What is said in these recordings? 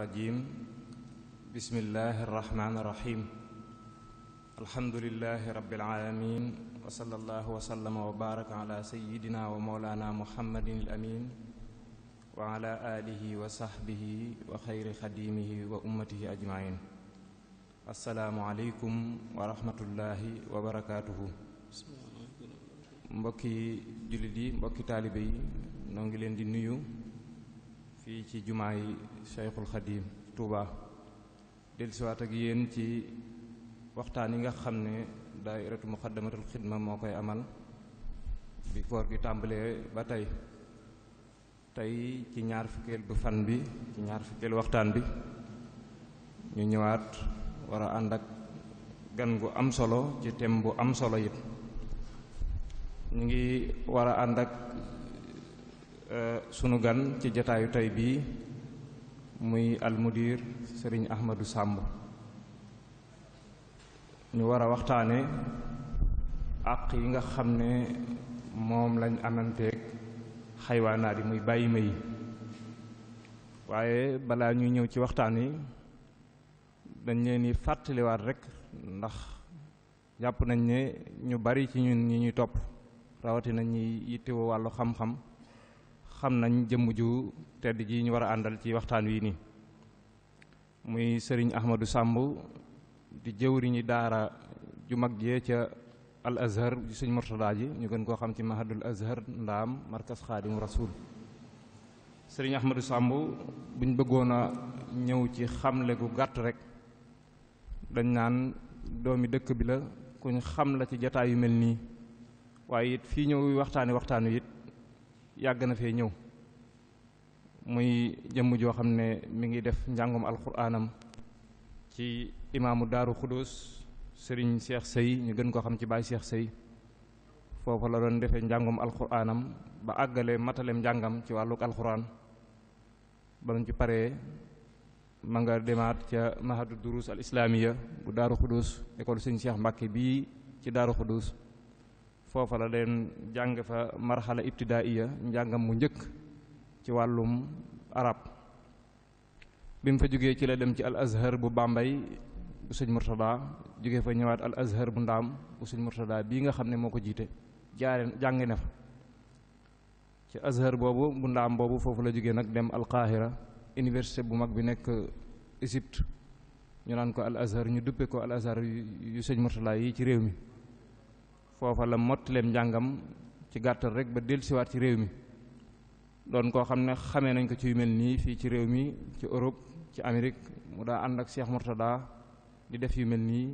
الرجيم بسم الله الرحمن الرحيم الحمد لله رب العالمين وصلى الله وسلم وبارك على سيدنا ومولانا محمد الأمين وعلى آله وصحبه وخير خديمه وأمته أجمعين السلام عليكم ورحمة الله وبركاته بسم الله yi mbokki taalibe yi noo ngi leen di fi ci jumaa yi Khadim Touba dellusiwaat ak yeen ci waxtaan yi nga xamne ne muqaddamatul khidma mo koy amal bi koor gi tambale ba tay tay ci ñaar fukel bu fan bi ci ñaar fukel waxtaan bi ñu ñëwaat wara andak gan gu am solo ci tem bu am solo yit ñi ngi wara Eh, sunu gan ci jotaayu tay bi muy almudir Serigne Ahmadou Samb ñu wara waxtane ak yi nga xamne mom moom lañ amanteeg xaywana di muy bayima yi waye bala ñu ñew ci waxtane yi dañ leen fatali waat rek ndax japp nañ ne ñu bari ci ñun ñi ñuy rawati nañ ñi yittewoo walu xam-xam xam nañ jëm ju tedd ji ñu wara andal ci waxtaan wi ni muy serigne ahmadu sambu di ñi daara ju mag jee al azhar ci serigne murtada ji ñu gën ko xam ci mahadul azhar ndam markas khadim rasul serigne ahmadu sambu buñ bëggona ñew ci xamle gu gatt rek dañ naan doomi dekk bi la kuñ xam la ci jotaay yu melni waye it yàgg na fee ñëw muy jëmm joo xam ne mi ngi def njàngum alquranam ci imaamu daaru khudus sëriñ cheikh sey ñu gën ko xam ci baay cheikh sey foofa la doon defee njàngum alquranam ba àggale matalem njàngam ci wàlluk alquran ba ci paree ma nga demaat ca mahadu durus al bu daaru xudóos école sëriñ cheikh mbàkke bii ci daaru Fofa la leen jang fa marhala ibtidaiya jangam mu ñeuk ci walum arab Bim fa joge ci la dem ci al azhar bu bambay bu seigne murtada joge fa ñewat al azhar bu ndam bu seigne murtada bi nga xamne moko jité jaare na fa ci azhar bobu bu ndam bobu fofu la joge nak dem al qahira université bu mag bi nek egypte ñu nan ko al azhar ñu duppé ko al azhar yu seigne murtada yi ci rew mi fofa la motlem jangam ci gattal rek ba dellusiwaat ci rew mi don ko xamne ne nañ ko ci yu melni fi ci rew mi ci Europe ci amerique mu da ànd ak Cheikh murtada di def yu melni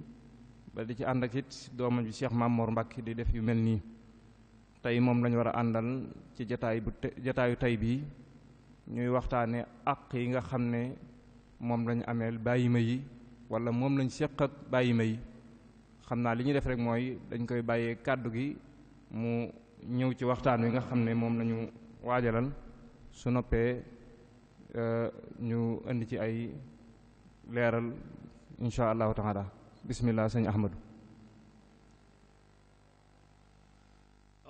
ba di ci ànd ak it bi Cheikh Mamour mbak di def yu melni tay mom lañ wara andal ci jotaay bu jataayu tay bi ñuy waxtane ak yi nga xamne ne lañ amel bayima mei, yi wala siak lañ bayi ak yi xamna liñu def rek moy dañ koy baye kàddu gi mu ñëw ci waxtaan wi nga xamne mom lañu wajalal su noppé euh ñu and ci ay leral insha allah taala bismillah sëñ ahmadu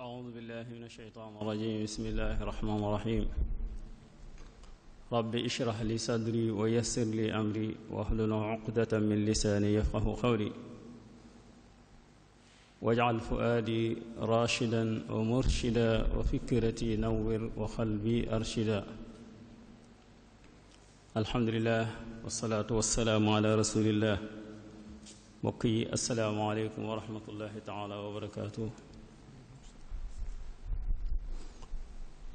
أعوذ بالله من الشيطان الرجيم بسم الله الرحمن الرحيم رب اشرح لي صدري ويسر لي أمري واحلل عقدة من لساني يفقه قولي واجعل فؤادي راشدا ومرشدا وفكرتي نور وقلبي أرشدا الحمد لله والصلاة والسلام على رسول الله وقي السلام عليكم ورحمة الله تعالى وبركاته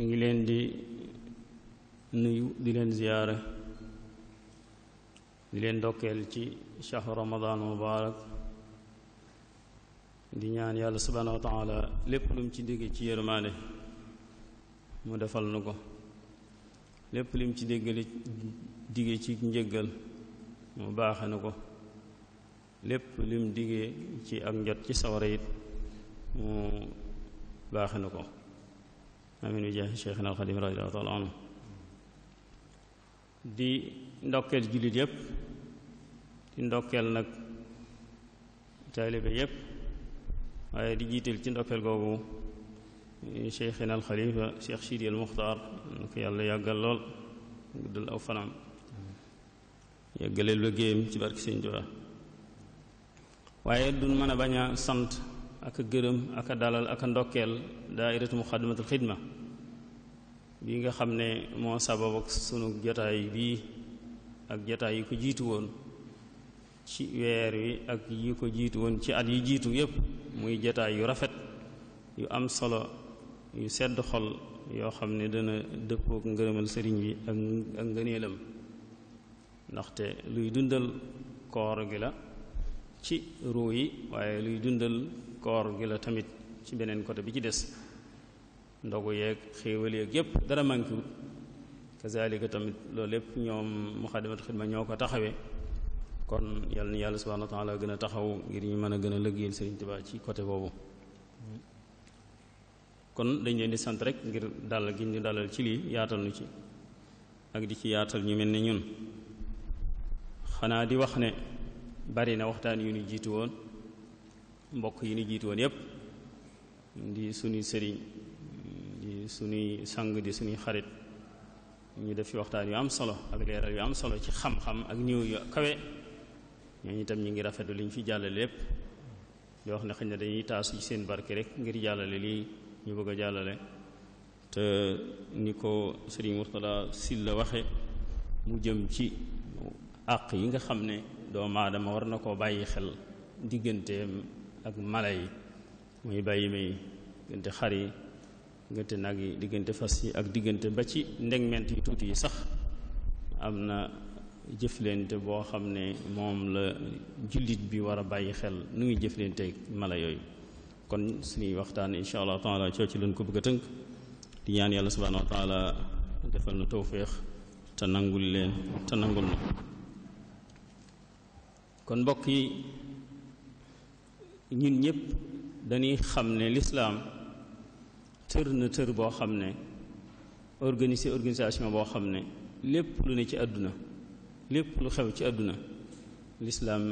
ñu دي نيو دلين زيارة دلين دوكيل شهر رمضان مبارك di ñaan yàlla subhaanahu wa lépp lu ci dégg ci yërmaande mu defal nu ko lépp lim mu ci déggale digee ci njëggal mu baax nu ko lépp lu mu ci ak njot ci sawara yit mu baaxe nu ko amin bi jaahi Cheikhna al Xadim radiyallahu taala anhu di ndokkeel jullit yépp di ndokkeel nag taalibe yépp waaye di jiital ci ndokkeel googu cheikhina al xalifa cheikh Sidi al Muxtaar na ko yàlla yàggal lool guddal aw fanam yàggaleel liggéeyam ci barki Sëñ Tuubaa waaye duñ mën a bañ a sant ak a gërëm ak a dalal ak a ndokkeel daairatu muxaddamatul xidma bi nga xam ne moo sabab ak sunu jotaay bii ak jotaay yi ko jiitu woon ci weer wi ak yi ko jiitu woon ci at yi jiitu yépp muy jataay yu rafet yu am solo yu sedd xol yoo xam ne dana dëppook ngërëmal sëriñ bi ak ngëneelam ndaxte luy dundal koor gi la ci ruu yi waaye luy dundal koor gi la tamit ci beneen côté bi ci des ndogu yeeg xéewal yeeg yépp dara mankiwut kazalika tamit loolu lépp ñoom Muxaddamatul Xidma ñoo ko taxawee kon yal na yàlla subhaanahu wa a gën a taxaw ngir ñu mën a gën a liggéeyal Sëriñ Tuubaa ci côté boobu kon dañ leen di sant rek ngir dalal gi ñu dalal ci lii yaatal nu ci ak di ci yaatal ñu mel ni ñun xanaa di wax ne bari na waxtaan yu ñu jiitu woon mbokk yi ñu jiitu woon yépp di suñuy sëriñ di suñuy sang di suñuy xarit ñu def fi waxtaan yu am solo ak leeral yu am solo ci xam-xam ak niw yu kawe ñi tam ñi ngi rafetlu liñ fi jàllale lépp di wax ne xëy na dañuy taas ci seen barke rek ngir jàllale lii ñu bëgg a jàllale te ni ko Serigne Mourtala la waxe mu jëm ci àq yi nga xam ne doomu aadama war na koo bàyyi xel digganteem ak mala yi muy bàyyi may diggante xar yi nag yi diggante fas yi ak diggante ba ci yi tuuti sax am jëflante boo xam ne moom la jullit bi war a bàyyi xel nu ngi jëflanteeg mala yooyu kon suñuy waxtaan incha allah taala coo ci lañ ko bëgg a tënk di ñaan yàlla subhanahu wa taala defal na tawféex te nangul leen te nangul na kon mbokk yi ñun ñëpp dañuy xam ne lislaam tër na tër boo xam ne organisé organisation boo xam ne lépp lu ne ci àdduna lépp lu xew ci àdduna lislaam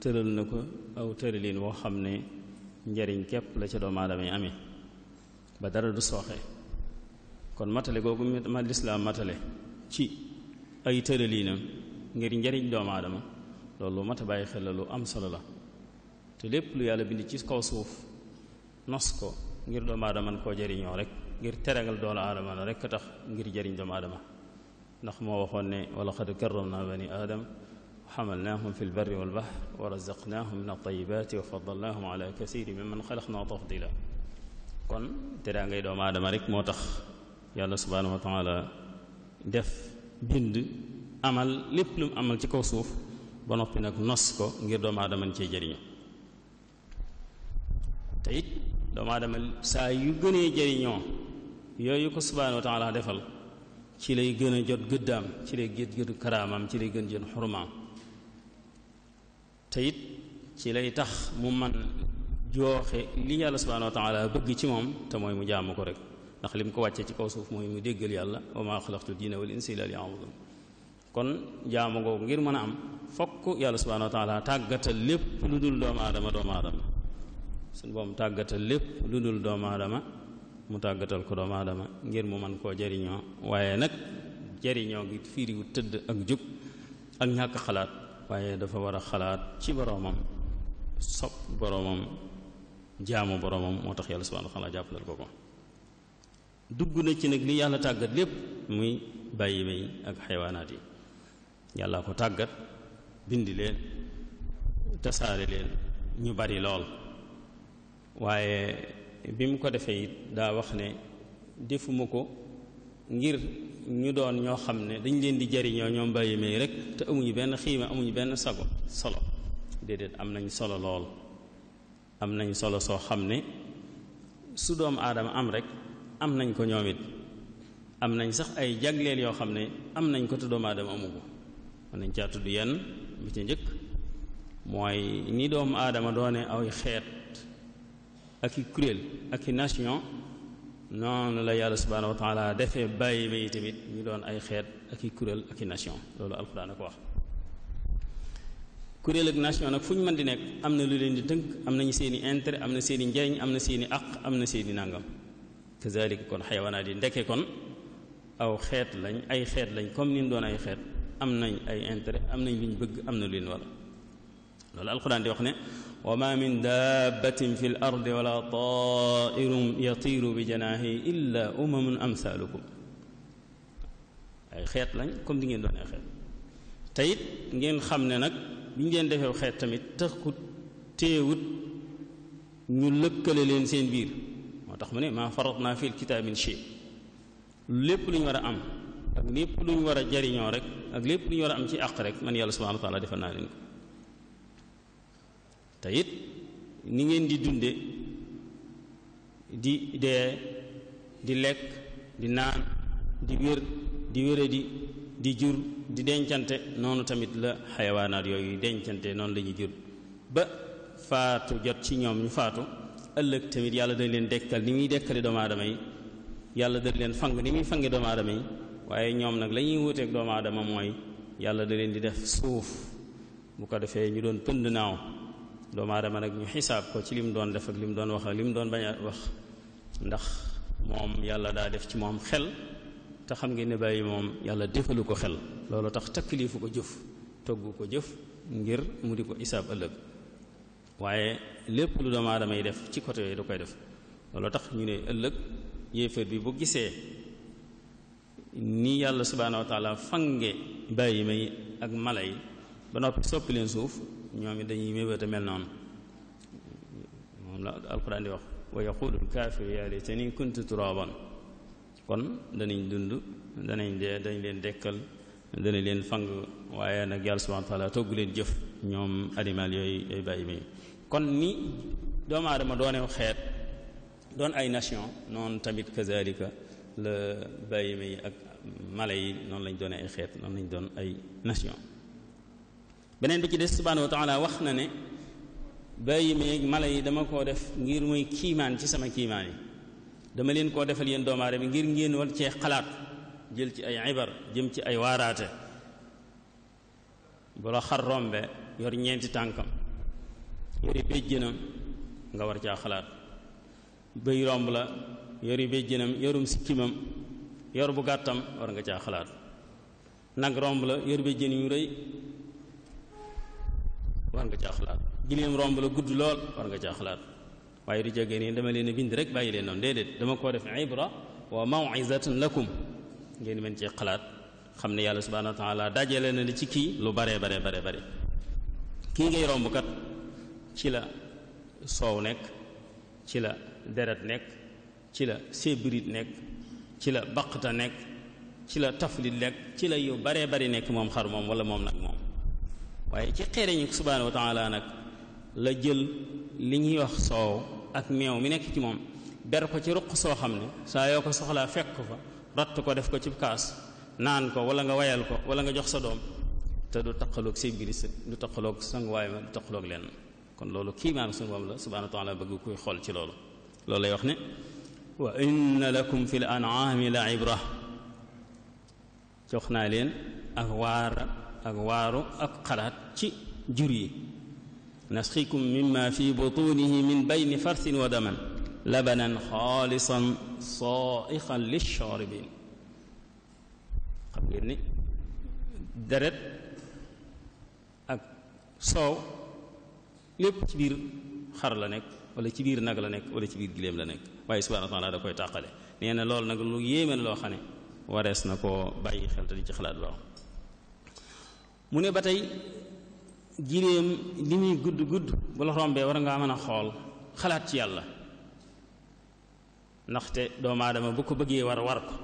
tëral na ko aw tëralin woo xam ne njariñ képp la ca doomu aadama yi amee ba dara du sooxe kon matale googu ma lislaam matale ci ay tëralinam ngir njariñ doomu aadama loolu mat a bàyyi xel la lu am solo la te lépp lu yàlla bind ci kaw suuf nos ko ngir doomu aadama man koo jariñoo rek ngir terangal doomu aadama la rek a tax ngir jariñ doomu aadama نحن وفني ولقد كرمنا بني آدم حملناهم في البر والبحر ورزقناهم من الطيبات وفضلناهم على كثير ممن خلقنا تفضيلا كون تيرانغي دوما ادم ريك موتاخ يالله سبحانه وتعالى ديف بند عمل ليب لوم عمل سي كو سوف با نوبي نك نوسكو غير دوما ادم نتي جيرين تيت دوما ادم سا يو غني جيرينو يوي كو سبحانه وتعالى ديفال ci lay gën a jot gëddaam ci lay gën gën karaamaam ci lay gën jën xurmaam te it ci lay tax mu man jooxe li yàlla subhanahu wa taala bëgg ci moom te mooy mu jaamu ko rek ndax lim ko wàccee ci kaw suuf mooy mu déggal yàlla wa maa xalaqtu diina wal insa illa liya'budun kon jaamu googu ngir mën a am fokk yàlla subhanahu wa taala tàggatal lépp lu dul doomu aadama doomu aadama suñu boom lépp lu dul doomu mu tàggatal ko doomu aadama ngir mu man koo jariñoo waaye nag jariñoo gi fiiriwu tëdd ak jug ak ñàkk xalaat waaye dafa war a xalaat ci boroomam sopp boroomam jaamu boroomam moo tax yàlla subhanahu wa taala jàppalal ko ko dugg na ci nag li yàlla tàggat lépp muy bàyyi may ak xaywaanaat yi yàlla ko tàggat bindi leen tasaare leen ñu bari lool waaye bi mu ko defee it daa wax ne defuma ko ngir ñu doon ñoo xam ne dañ leen di jariñoo ñoom bàyyi may rek te amuñu benn xiima amuñu benn sago solo déedéet am nañ solo lool am nañ solo soo xam ne su doom aadama am rek am nañ ko ñoom am nañ sax ay jagleel yoo xam ne am nañ ko te doomu aadama amu ko mën nañ caa tudd yenn bi ca njëkk mooy ni doomu aadama doone aw xeet aki kurel aki ak i nation noonu la yàlla subhanahu wa taala defé baye ma tamit ñu doon ay xeet aki kurel aki ak i nation loolu alxuraan ko wax kurel ak nation nak fuñu ñu mën di nek amna lu leen di tënk amna ñi seeni intérêt amna seeni seen i njariñ am na àq amna seeni nàngam kazalik kon haywana di ndeké kon aw xeet lañ ay xeet lañ comme ni mu doon ay xeet am ay intérêt am nañ ñu bëgg amna lu leen wala lolu alxuraan di wax ne وما من دابة في الأرض ولا طائر يطير بجناهي إلا أمم أمثالكم خيط لن كم دين دون خيط تيت نجين خمنا نك نجين دفع خيط تميت تخد تيوت نلق للإنسان بير ما تخمني ما فرطنا في الكتاب من شيء لب لن أم لب لن يرى جاري نورك لب لن يرى أم شيء أقرك من يالله سبحانه وتعالى دفعنا tayit ni ngeen di dundé di dé di lek di naan di wër di wéré di di jur di dencante nonu tamit la hayawanat yoy dencante non lañu jur ba faatu jot ci ñom ñu faatu ëlëk tamit yalla dañ leen dekkal ni muy dekkali doom adama yi yalla dañ leen fang ni muy fangé doom adama yi waye ñom nak lañuy wuté ak doom adama moy yalla dañ leen di def suuf bu ko defé ñu doon pënd naaw doomu aadama nak ñu hisab ko ci lim doon def ak lim doon wax ak lim doon baña wax ndax mom yàlla da def ci mom xel ta xam ngeen ne bàyyi mom yàlla defalu ko xel loolu tax takkilifu ko jëf toggu ko jëf ngir mu di ko isaab ëllëg waaye lépp lu doomu aadama yi def ci côté yi da koy def loolu tax ñu ne ëlëk yéefar bi bu gisé ni yàlla subhanahu wa taala fange bàyyi may ak malay ba nopi soppi leen suuf ñoomi it dañuy mébéta mel non moom la alquran di wax wa yaqulu kafir ya laytani kuntu turaban kon dañuy dund dañuy de dañ leen dekkal dañ leen fang waye nak yàlla subhanahu wa taala togg leen jëf ñoom animal yoy yooyu bàyyi may kon ni doomu aadama doonew xet don ay nation non tamit kazalika le bàyyi may ak malay non lañ doone ay xet non lañ doon ay nation beneen bi ci des subhaanahu wa taala wax na ne bàyyi meeg mala yi dama koo def ngir muy kiimaan ci sama kiimaan yi dama leen koo defal yéen doomaare aadama ngir ngeen war cee xalaat jël ci ay ibar jëm ci ay waaraate bu la xar rombe yor ñeenti tànkam yori béjjënam nga war caa xalaat bëy romb la yor yori béjjënam yorum sikkimam yor bu gàttam war nga caa xalaat nag romb la yor béjjën yu rëy war nga caa la gudd lool war nga caa waaye du jógee nii dama leen a bind rek bàyyi leen noonu déedéet dama koo def ibra wa mawizatan lakum ngeen mën cee xalaat xam ne yàlla subhanahu wa taala dajale na li ci kii lu baree bare bare bare kii ngay romb kat ci la soow nekk ci la deret nekk ci la sébrit nekk ci la baqta nekk ci la taflit nekk ci la yu baree bari nekk moom xar moom wala moom nag moom waye ci xere ñi subhaanahu wa taala nak la jël li ñi wax soow ak meew mi nek ci mom ber ko ci ruq so xamne sa saa yoo ko soxlaa fekk fa rat ko def ko ci kaas naan ko wala nga wayal ko wala nga jox sa dom te du taqaloog say mbiri sa du taqaloog sanguwaay ma du taqaloog len kon lolu ki kiimaanu sun mom la subhanahu wa taala bëgg kuy xol ci lolu lolu lay wax ne wa inna lakum fil an'ami an'aami joxna len ak waara ak waaru ak xalaat ci jur yi nasqikum mimma fi butunihi min bayni farsin wa daman labanan xaalisan saaixan lishaaribin xam ngeen ni deret ak soow lépp ci biir xar la nekk wala ci biir nag la nekk wala ci biir giléem la nekk waaye subhana wa taala da koy tàqale nee na loolu nag lu yéeme loo xam ne warees na koo bàyyi xel te di ci xalaat baax mu ne ba tey giréem li muy gudd gudd bu la rombee war ngaa mën a xool xalaat ci yàlla ndaxte doomu aadama bu ko bëggee war war ko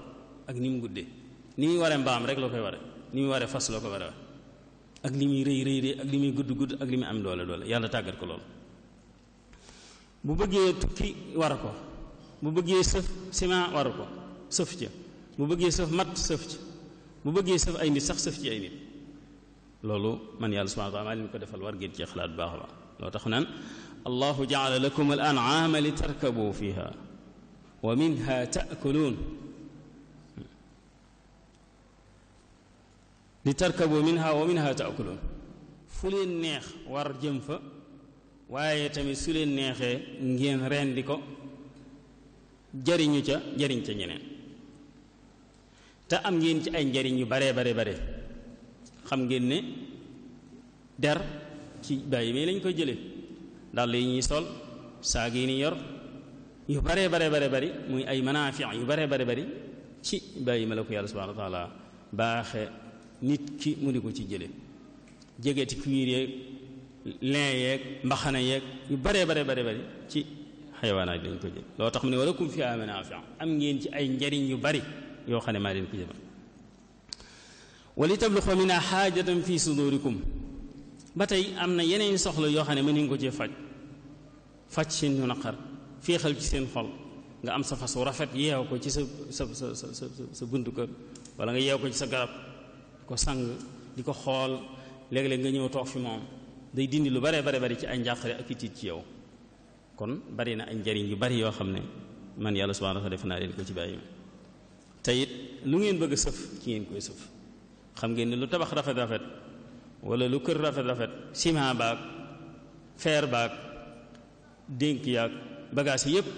ak ni mu gudde ni muy ware mbaam rek loo koy ware ni muy ware fas loo ko ware ak li muy rëy rëy ak li muy gudd gudd ak li muy am doole doole yàlla tàggat ko lool bu bëggee tukki war ko bu bëggee sëf ciment war ko sëf ca bu bëggee sëf matt sëf ca bu bëggee sëf ay nit sax sëf ci ay nit loolu man yàlla subhanahu wa taala li ñu ko defal war ngeen ci xalaat baax ba loo tax naan allahu jaala lakum al an'ama li tarkabu fiha wa minha ta'kulun li tarkabu minha wa minha ta'kulun fu leen neex war jëm fa waaye tamit su leen neexee ngeen rendi ko jariñu ca jariñ ca ñeneen te am ngeen ci ay njariñ yu bare bare bare xam ngeen ne der ci bàyyi may lañ koy jëlee dàll yi ñuy sol saag yi ni yor yu baree bare bare bari muy ay manaafi yu baree bare bari ci bàyyi ma la ko yàlla subhanahu wa baaxe nit ki mu di ko ci jële jegeti cuir yeeg lin yeeg mbaxana yeeg yu bare bare bari ci xayawaanaat yi lañ ko jël loo tax mu ne walakum fiha manaafi am ngeen ci ay njariñ yu bari yoo xam ne maa leen ko jëmal ولتبلغ منا حاجة في صدوركم باتاي امنا يينين na يو خاني yoo xam جي فاج فاج سين cee faj faj seen ñu naqar féexal ci seen xol nga am sa fas rafet yew ko ci sa sa sa sa sa buntu kër wala nga yew ko ci sa garab ko sang diko xol leg leg nga ñëw tok fi mom day dindi lu bare bare bare ci ay njàqare ak ci ci yow kon bari na ay njariñ yu bari yo xamne man yàlla subhanahu wa taala def naa ko ci bayima tayit lu ngeen bëgg seuf ci ngeen koy seuf xam ngeen ni lu tabax rafet rafet wala lu kër rafet rafet ciment baag fer baag dénk yaag bagage yépp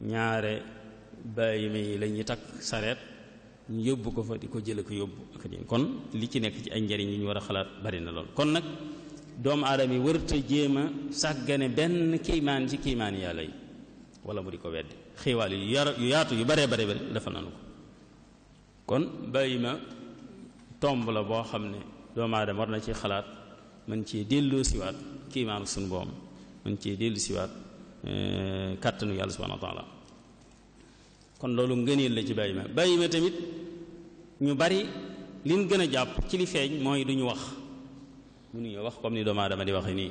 ñaare bàyyi mi la ñuy takk sareet ñu yóbbu ko fa di ko jële ko yóbbu ak kon li ci nekk ci ay njariñ yi ñu war a xalaat bari na lool kon nag doomu aadama yi wërta jéem a sàggane benn kiimaan ci kiimaan yàlla yi wala mu di ko weddi xiiwaal yu yaatu yu bare bare bare defal nañu ko kon bàyyi ma tomb la boo xam ne doomu aadama war na ci xalaat mën cee delloo siwaat kiimaanu suñu boom mën cee dellu siwaat eh, kàttanu yàlla subhanahu wa taala kon loolu ngëneel la ci bàyyi ma bàyyi ma tamit ñu bari liñ gën a jàpp ci li feeñ mooy duñu wax mu mënuñu wax comme ni doomu aadama di waxe nii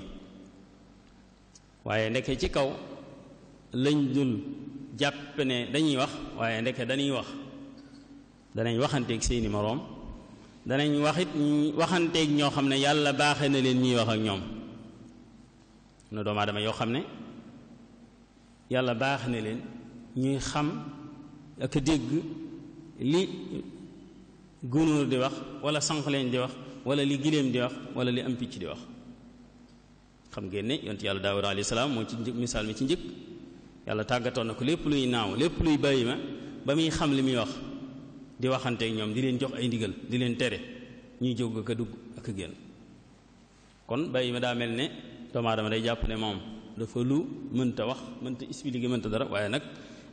waaye ndeke ci kaw lañ dul jàpp ne dañuy wax waaye ndeke dañuy wax danañ waxanteeg seeni moroom danañ waxit waxante ak ño xamne yàlla baxé na leen ñi wax ak ñom no doomu aadama yoo xam ne yàlla bax na leen ñi xam ak dégg li gunóor di wax wala sank sanqleñ di wax wala li gilem di wax wala li am picc di wax xam ngeen ne yont yàlla daawud alayhi salam mo ci misal mi ci njëkk yàlla tàggatoon ko lépp luy naaw lépp luy bayima ma xam limi wax di waxanteeg ñoom di leen jox ay ndigal di leen tere ñuy jóg ka dugg ak génn kon bàyyi ma daa mel ne doomu aadama day jàpp ne moom dafa lu mënta wax mënta expliquer mënta dara waaye nag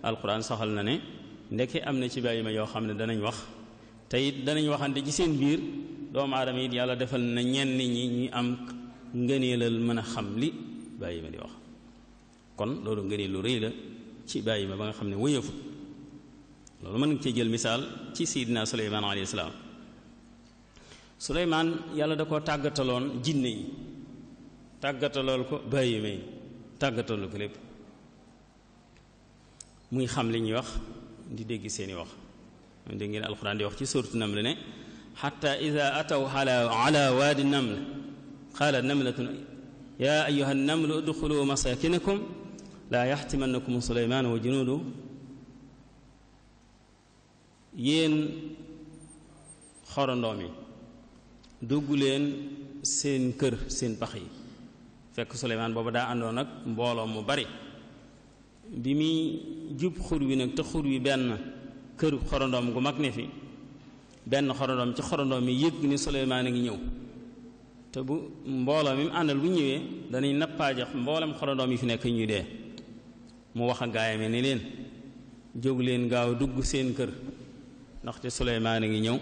alquran soxal na ne ndeke am na ci bàyyi ma yoo xam ne danañ wax te it danañ waxante ci seen biir doomu aadama yi yàlla defal na ñenn ñi ñu am ngëneelal mën a xam li bàyyi ma di wax kon loolu ngëneel lu rëy la ci bàyyi ma ba nga xam ne wëyeefu lolou man ci jël misal ci sidina sulayman alayhi salam sulayman yàlla dako tagatalon jinne yi tagatalol ko baye mi tagatalol ko lépp muy xam li ñuy wax di deg seeni wax de ngeen alquran di wax ci sourate Naml ne hatta iza ataw ala wadi naml qala namlatun ya ayyuha an-naml udkhulu masakinakum la yaxtimannakum sulayman wa junuduhu yéen xorandoom yi dugg leen seen kër seen pax yi fekk Suleymaan booba daa àndoon nag mbooloom mu bari bi muy jub xur wi nag te xur wi benn kër xorondoom gu mag ne fi benn xorandoom ci xorandoom yi yëg ni Suleymaan a ngi ñëw te bu mbooloo mi mu àndal bu ñëwee danañ nappaajax mboolem xorandoom yi fi nekk ñuy dee mu wax a gaayam ni leen jóg leen gaaw dugg seen kër ndaxte Suleymaan a ngi ñëw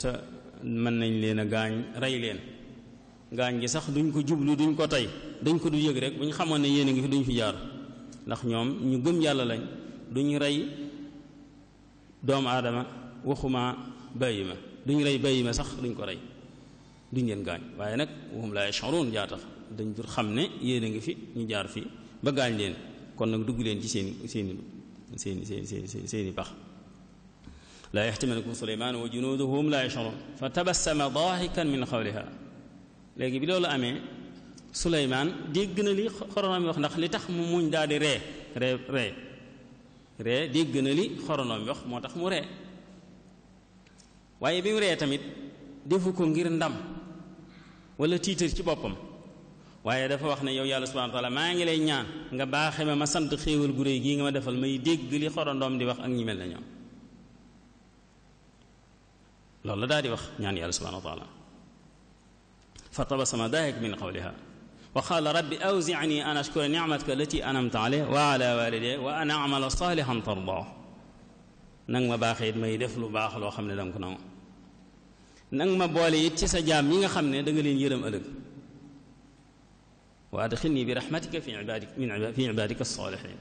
te mën nañ leen a gaañ rey leen gaañ gi sax duñ ko jublu duñ ko tey dañ ko du yëg rek bu ñu xamoon ne yéen a ngi fi duñ fi jaar ndax ñoom ñu gëm yàlla lañ duñ rey doomu aadama waxuma bàyyi ma duñ rey bàyyi ma sax duñ ko rey duñ leen gaañ waaye nag waxum laa yash'uruun jaa tax dañ dul xam ne yéen a ngi fi ñu jaar fi ba gaañ leen kon nag dugg leen ci seen i seen seeni seen i seen i seen i pax لا يحتمل أن يكون سليمان وجنوده هم لا يشعرون فتبسم ضاحكا من قولها léegi bi loolu amee Souleymane dégg na li xoronoom yi wax ndax li tax mu muñ daal di ree ree ree ree dégg na li xoronoom yi wax moo tax mu ree waaye bi mu ree tamit defu ko ngir ndam wala tiitar ci boppam waaye dafa wax ne yow yàlla subhanahu wa taala maa ngi lay ñaan nga baaxe ma ma sant xéewal gu réy gii nga ma defal may dégg li xorondoom di wax ak ñi mel na ñoom لولا داري وخ يعني الله سبحانه وتعالى فتبسم داهك من قولها وقال ربي أوزعني أن أشكر نعمتك التي أنمت عليه وعلى والدي وأن أعمل صالحا ترضاه نعم باخيد ما يدفلو باخل وخمنا دم كنا نعم بولي يتشي سجام ينغ خمنا دنغلين يرم ألق وأدخلني برحمتك في عبادك من عبادك في عبادك الصالحين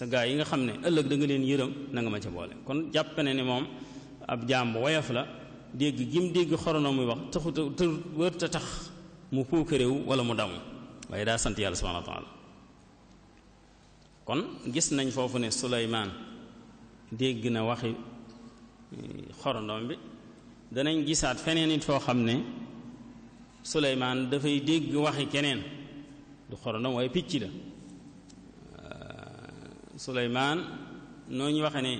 سجا ينغ ألق دنغلين يرم نعم ما جبولي كن جابني نموم أبجام جام بويفلا dégg gim dégg xorono muy wax taxu te wër ta tax mu puukaréew wala mu damu waaye daa sant yàlla subhanahu wa kon gis nañ foofu ne Suleymaan dégg na waxi eh, xorondoom bi danañ gisaat feneen it foo xam ne Suleymaan dafay dégg waxi keneen du xorondoom waaye picc la eh, Suleymaan noo ñu waxe ne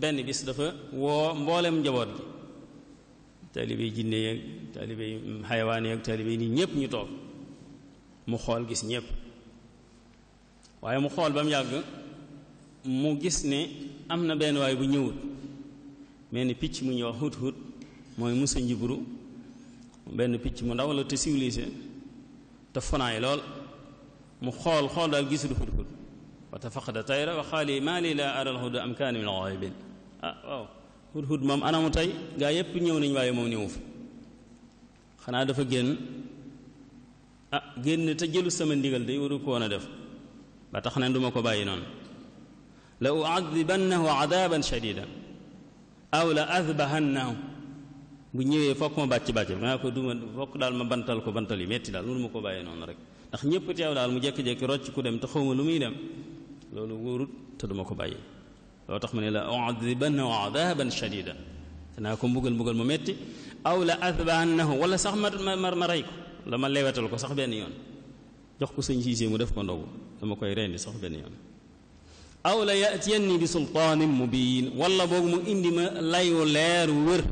benn bis dafa woo mboolem njaboot gi talibey jinne yeeg talibey xayawaan yeeg talibey ni ñep ñu tok mu xol gis ñep waye mu xol bam yag mu gis ne amna ben way bu ñëwut melni ni picc mu ñuy hut hut moy musa njiburu ben picc mu ndaw la te civilisé te fonay lol mu xol xol dal gis lu hut hut wa tafaqada tayra wa xaali maa la ara al huda am kaana min al-ghaayibin ah waaw hudhud moom anamu tey gaa yépp ñëw nañ waaye moom ñëwu fa xanaa dafa génn ah génn te jëlu sama ndigal day waru ko woon a def ba tax na duma ko bàyyi noonu la u'adibannahu adaban shadidan aw la adbahannahu bu ñëwee fokk ma bàcc bàcc dangaa ko duma fokk daal ma bantal ko bantal yi metti daal mënu ma ko bàyyi noonu rek ndax ñépp teew daal mu jekki-jekki rocc ku dem te xawma lu muy dem loolu wóorut te duma ko bàyyi loo tax mu ne la uadibanna adaban shadida danaa ko mbugal mbugal mu metti aw la athbaannahu wala sax ma ma ma rey ko la ma lewetal ko sax benn yoon jox ko sëñ siisee mu def ko ndogu dama koy rendi sax benn yoon aw la yatiyanni bi sultaanin mubin wala boobu mu indi ma layu leer wër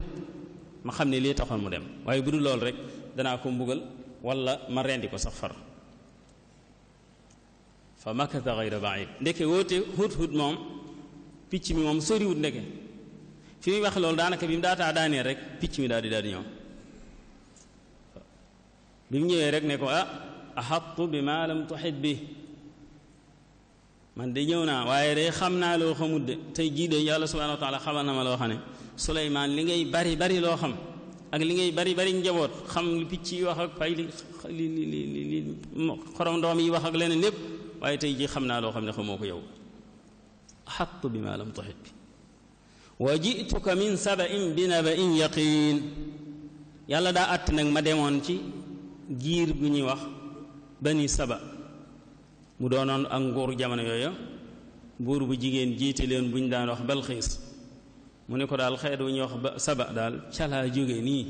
ma xam ne lii taxoon mu dem waaye bu dul loolu rek danaa ko mbugal wala ma rendi ko sax far fa makata gayra baid ndeke woote hut hut moom picc mi moom soriwut ndeke fi muy wax loolu daanaka bi mu daataa daaneel rek picc mi daal di daal di ñëw bi mu ñëwee rek ne ko ah axattu bi maa lam bi man de ñëw naa waaye day xam naa loo xamut de tey jii de yàlla subhanahu wa taala xamal na ma loo xam ne Suleymaan li ngay bari bari loo xam ak li ngay bari bari njaboot xam picc yi wax ak ay li xorom doom yi wax ak leneen lépp waaye tey jii xam naa loo xam ne xamoo ko yow أحط بما لم تحط به وجئتك من سبأ بنبأ يقين yàlla daa àtt nag ma demoon ci giir gu ñuy wax bani saba mu doonoon ak nguur jamono yooyu buur bu jigéen jiite leen bu ñu daan wax balxiis mu ne ko daal xeet wu ñuy wax ba saba daal ca laa jóge nii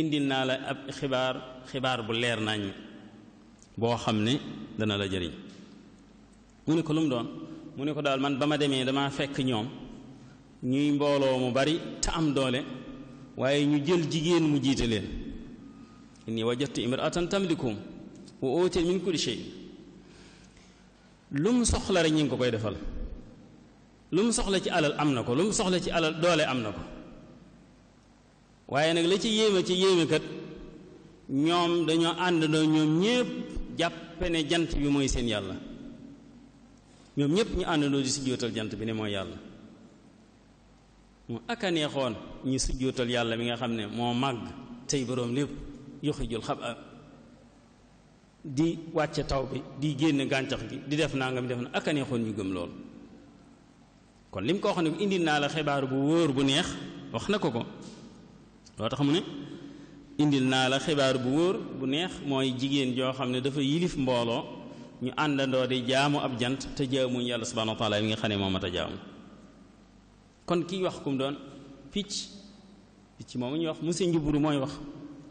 indil naa la ab xibaar xibaar bu leer nañ boo xam ne dana la jëriñ mu ne ko lu mu doon mu ne ko daal man ba ma demee damaa fekk ñoom ñuy mbooloo mu bari te am doole waaye ñu jël jigéen mu jiite leen inni wajadtu imra'atan tamlikum wa uutiyat min kulli shay lu mu soxla rek ñu ngi ko koy defal lu mu soxla ci alal am na ko lu mu soxla ci alal doole am na ko waaye nag la ci yéeme ci yéeme kat ñoom dañoo àndandoo ñoom ñépp jàppe jant bi mooy seen yàlla ñom ñep ñu andalo ci sujjootal jant bi ne mo yàlla mo akane neexoon ñi sujjootal yàlla mi nga xamne mo mag màgg tey boroom lépp yuxijul xab a di wàcce taw bi di génn gantax gi di def nangam def na akane neexoon ñu gëm lool kon lim ko wax indi na la xibar bu wóor bu neex wax na ko ko loo tax mu ne indil na la xibar bu wóor bu neex moy jigen jo xamne dafa yilif mbolo ñu àndandoo di jaamu ab jant te jaamuñ yàlla subhanahu wa taala mi nga xam ne moo mat a jaamu kon kiy wax kum doon picc picc moomu ñuy wax monsieur Njuburu mooy wax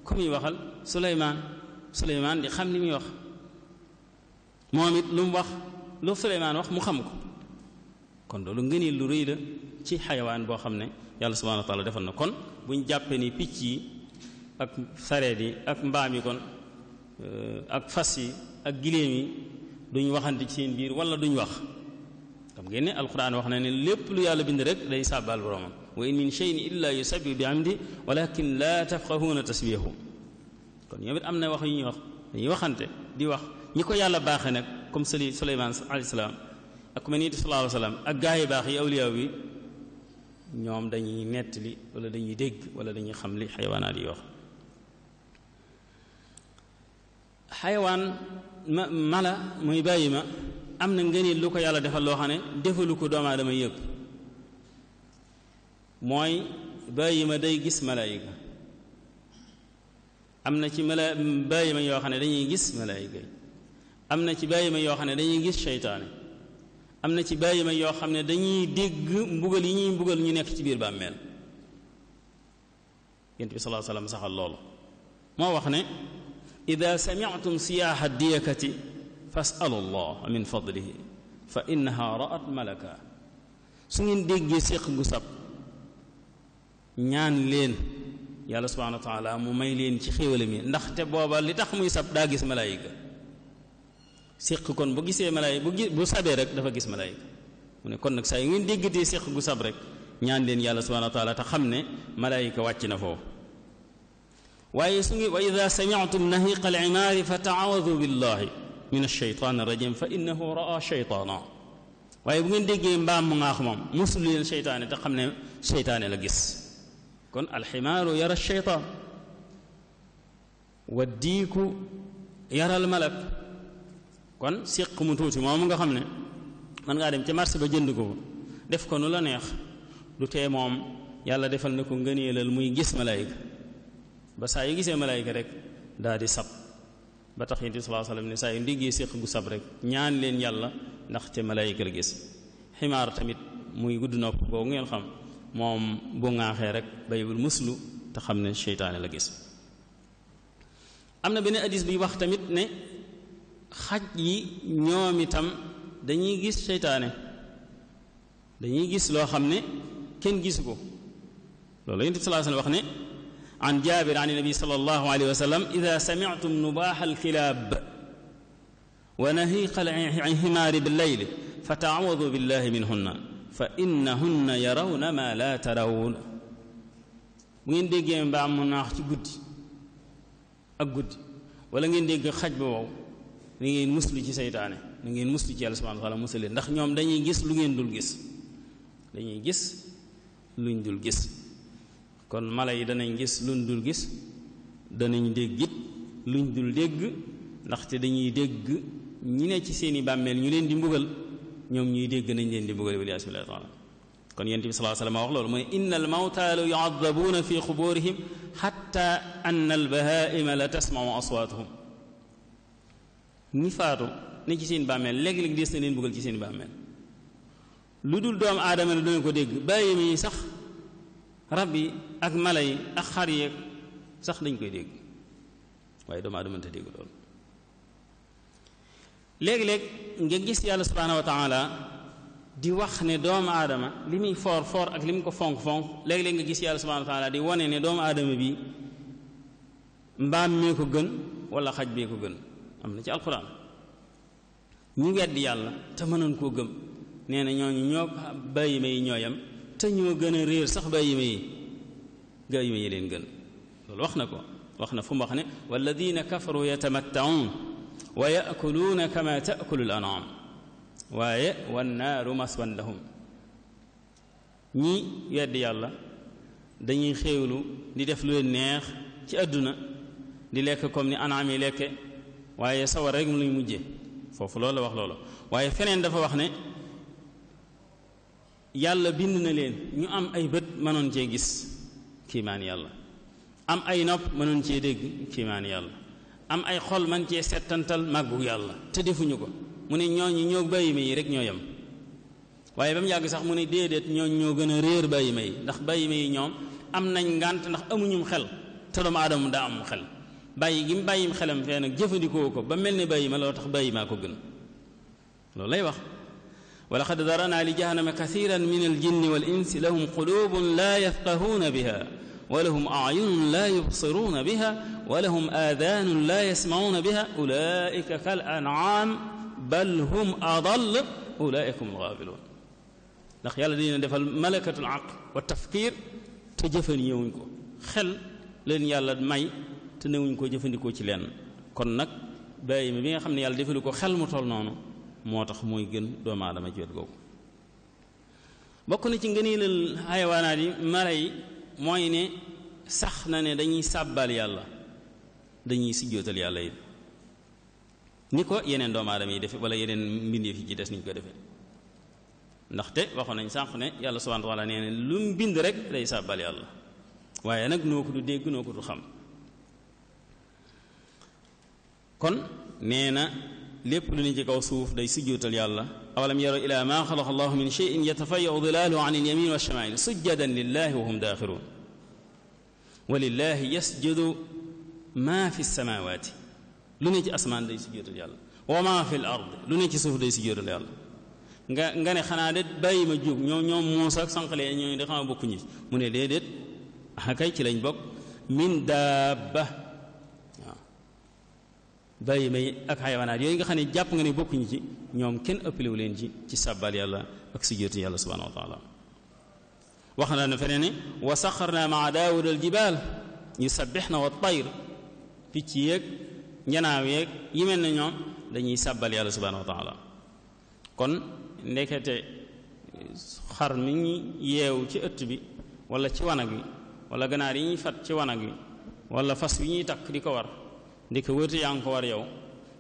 ku muy waxal Souleymane Souleymane di xam li muy wax moom it lu mu wax lu Souleymane wax mu xam ko kon loolu ngëneel lu rëy la ci xayawaan boo xam ne yàlla subhanahu wa taala defal na kon buñ jàppee ni picc yi ak sareet yi ak mbaam yi kon ak fas yi ak giléem yi duñ waxanti ci seen biir wala duñ wax xam ngeen ne alquran wax na ne lépp lu yàlla bind rek day sabbal borom wa in min shay'in illa yusabbihu bi amdi walakin la tafqahuna tasbihum kon ñoom it am na wax yi ñu wax dañuy waxante di wax ñi ko yàlla baxé nak comme sali sulayman alayhi salam ak ku mel sallallahu alayhi salaam ak gaay yi baax yi awliya wi ñom dañuy netti wala dañuy deg wala dañuy xam li xayawaanaat di wax xayawaan mala muy bàyyi ma am na ngeen lu ko yàlla defal loo xam ne defalu ko doomu aadama yëpp mooy bàyyi ma day gis malaayika am na ci mala bàyyi ma yoo xam ne dañuy gis malaayika am na ci bàyyi yoo xam ne dañuy gis seytaane am na ci bàyyi ma yoo xam ne dañuy dégg mbugal yi ñuy mbugal ñu nekk ci biir bàmmeel yent bi sallallahu alayhi lool moo wax ne إذا سمعتم سياح الديكة فاسألوا الله من فضله فإنها رأت ملكا سنين ديك يسيق قصب نيان لين يا الله سبحانه وتعالى مميلين تخيو لمين نخت بوابا لتخمو يسب دا جس ملايك سيق كون بو جسي ملايك بو سابي رك دفا جس ملايك كون نكسا يوين ديك دي سيق قصب رك نيان لين يا الله سبحانه وتعالى تخمني ملايك واتنا فوه وإذا سمعتم نهيق العمار فتعوذوا بالله من الشيطان الرجيم فإنه رأى شيطانا ويبغين ديجين بام مغاخمم مسلم الشيطان تقمن شيطان لجس كن الحمار يرى الشيطان والديك يرى الملك كن سيق متوتي ما مغا خمن من غادم تي مارسي با جندكو ديف كون لا نيه لو تي يالا ديفال نكو غنيلال موي جس ملائكه ba saa yu gisee malaayka rek daa di sab ba tax yonent bi sallallahu alayhi wasallam ne saa yu ndiggee séq gu sab rek ñaan leen yàlla ndax ca malaayka la gis ximaar tamit muy gudd nopp boobu ngeen xam moom bu ŋaaxee rek bayiwul muslu te xam ne seytaane la gis am na beneen hadiis bi wax tamit ne xaj yi ñoom itam dañuy gis seytaane dañuy gis loo xam ne kenn gisu ko loolu yonent bi sallallahu wax ne عن جابر عن النبي صلى الله عليه وسلم إذا سمعتم نباح الكلاب ونهيق الحمار بالليل فتعوذوا بالله منهن فإنهن يرون ما لا ترون ngeen déggee mbaam mu naax ci guddi ak guddi wala ngeen dégg xaj ba wow ni ngeen muslu ci seytaane ni ngeen muslu ci yàlla subhanahu wa taala musali ndax ñoom dañuy gis lu ngeen dul gis dañuy gis luñ dul gis kon malay yi danañ gis luñ dul gis danañ dégg it luñ dul dégg ndaxte dañuy dégg ñi ne ci seeni bammel ñu leen di mbugal ñom ñuy dégg nañ leen di mbugal waliyaas billahi taala kon yentibi sallallahu alayhi wa sallam wax loolu mu ne inna la yuadabuuna fi quburihim xatta anna bahaim la tasmau aswatuhum ñi faatu ne ci seen bammel leg leg des na leen mbugal ci seen bammel ludul doom doomu do ne ko deg baye mi sax rab yi ak mala yi ak xar yeeg sax dañ koy dégg waaye doomu aadama mënta dégg loolu gis yàlla subhaanahu wa taala di wax ne doomu aadama li muy foor foor ak li mu ko fonk-fonk léegi-léeg nga gis yàlla subhaanahu wa di wane ne doomu aadama bi mbaam mee ko gën wala xaj bee ko gën am na ci alquran ñu weddi yàlla te mënoon koo gëm nee na ñooñu ñoo bàyyi may ñooyam te ñoo gën a réer sax gaa yima yi gaa yima yi leen gën loolu wax na ko wax na fu mu wax ne walladina kafaru yatamattaun wa yakuluuna kama taakulu l anam waaye wannaaru maswan lahum ñi wedd yàlla dañuy xéewlu di def lu leen neex ci àdduna di lekk comme ni anaam yi lekke waaye sawar rek mu lañ mujje foofu loolu la wax loolu waaye feneen dafa wax ne yàlla bind na leen ñu am ay bët mënoon cee gis kiimaan yàlla am ay nopp mënoon cee dégg kiimaan am ay xol man cee setantal màggu yàlla te defuñu ko mu ne ñooñu ñoo bàyyi ma yi rek ñoo yem waaye ba mu yàgg sax mu ne déedéet ñooñ ñoo gën a réer bàyyi ma yi ndax bàyyi ma yi ñoom am nañ ngànt ndax amuñum xel te doomu aadama daa amum xel bàyyi gi mu bàyyim xelam fee nag jëfandikoo ko ba mel ne bàyyi ma loo tax bàyyi maa ko gën loolu lay wax ولقد ذرنا لجهنم كثيرا من الجن والإنس لهم قلوب لا يفقهون بها ولهم أعين لا يبصرون بها ولهم آذان لا يسمعون بها أولئك كالأنعام بل هم أضل أولئك هم الغافلون لخيال الذين دفع ملكة العقل والتفكير تجفن يونكو خل لن يالد ماي تنوينكو جفن ديكو تلين كنك باي مبين خمني يالا خل مطول نونو moo tax mooy gën doomu aadama ci wet bokk na ci ngëneelal xayawaanaat yi mala yi mooy ne sax na ne dañuy sàbbal yàlla dañuy sijjootal yàlla yi ni ko yeneen doomu aadama yi defe wala yeneen mbindeef yi ci des niñ ko defee ndaxte waxoon nañ sànq ne yàlla subhanahu wa nee ne lu mu bind rek day sàbbal yàlla waaye nag noo ko du dégg noo ko du xam kon nee na lépp lu ne ci kaw suuf day sujjootal yàlla awalam yaru ila ma xalaqa allahu min cheyin yatafayyau dilaaluhu an ilyamin wa shamail sujjadan lillahi wa hum daaxiruun wa lillahi yasjudu ma fi lsamawati lu ne ci asmaan day sujjootal yàlla wa ma fi l ard lu ne ci suuf day sujjootal yàlla nga nga ne xanaa de bàyyi ma juub ñoom ñoom Muusa ak sànqalee ñooñu de xama bokkuñu mu ne déedéet akay ci lañ bokk min daaba bàyyi may ak xayawaanaat yooyu nga xam ne jàpp nga ne bokkuñu ci ñoom kenn ëppalewu leen ci ci sàbbal yàlla ak sujjóotu yàlla subhaanahu wa taala wax na ne feneen ne wa saxarna maa daawuda sa bex na wa tayr picc yeeg njanaaw yeeg yi mel na ñoom dañuy sàbbal yàlla subhaanahu wa kon ndekete xar mi ñu yeewu ci ëtt bi wala ci wanag wi wala ganaar yi ñuy fat ci wanag wi wala fas wi ñuy takk di ko war ndeke wërte yaa ngi ko war yow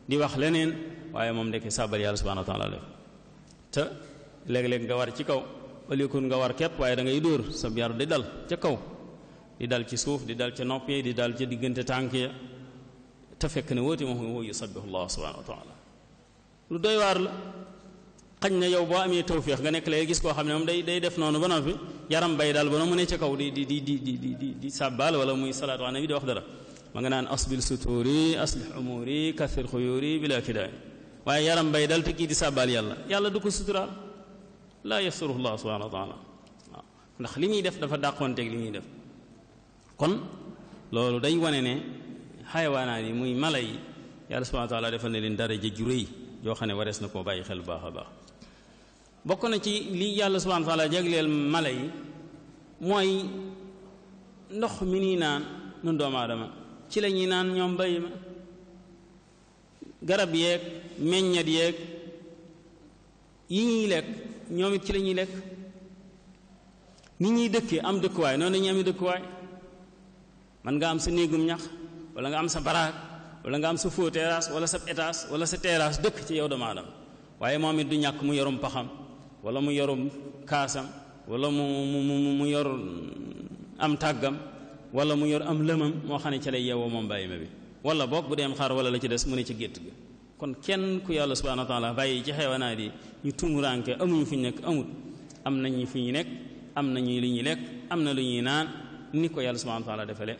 di wax leneen waaye moom ndeke sàbbal yàlla subhanahu wa la te léeg-léeg nga war ci kaw ëllëgoon nga war képp waaye dangay ngay dóor sa yar di dal ca kaw di dal ci suuf di dal ca nopp yi di dal ca diggante tànk ya te fekk ne wóote moom woo yusabbihu llah subhanahu wa taala lu doy waar la xañ na yow boo amee tawféex nga nekk lay gis koo xam ne moom day day def noonu ba noppi yaram bay daal ba mu ne ca kaw di di di di di di di sàbbaal wala muy salaat wa nabi di wax dara ma nga naan asbil sutuuri aslih umuuri kathir xuyuuri bila kidaay waaye yaram bay dal te kii di sàbbaal yàlla yàlla du ko suturaal laa yasuruhu llah subhanahu wa taala waaw ndax li muy def dafa dàqoonteeg li muy def kon loolu day wane ne xayawaanaan yi muy mala yi yàlla subhanahu wa taala defal na leen daraja ju rëy yoo xam ne warees na koo bàyyi xel baax a baax bokk na ci li yàlla subhanahu wa taala jagleel mala yi mooy ndox mi nii naan nun doomu aadama ci la ñuy naan ñoom mbay ma garab yeeg meññat yeeg yi ñuy lekk ñoom it ci la ñuy lekk nit ñuy dëkkee am dëkkuwaay noonu dañuy am dëkkuwaay man nga am sa néegum ñax wala nga am sa baraag walla nga am sa faux terrasse wala sa etaas wala sa terrasse dëkk ci yow dama waaye moom it du ñàkk mu yorum paxam wala mu yorum kaasam wala mu mu mu yor am tàggam wala mu yor am lëmam moo xam ne ca lay yeewoo moom bàyyi ma bi wala boog bu dee xaar wala la ci des mu ne ci gétt ga kon kenn ku yàlla subhanahu wa taala bàyyi ci xeewanaat yi ñu tumuranke amuñu fi ñu nekk amut am nañu fi ñu nekk am nañu li ñuy lekk am na lu ñuy naan ni ko yàlla subhanahu wa taala defale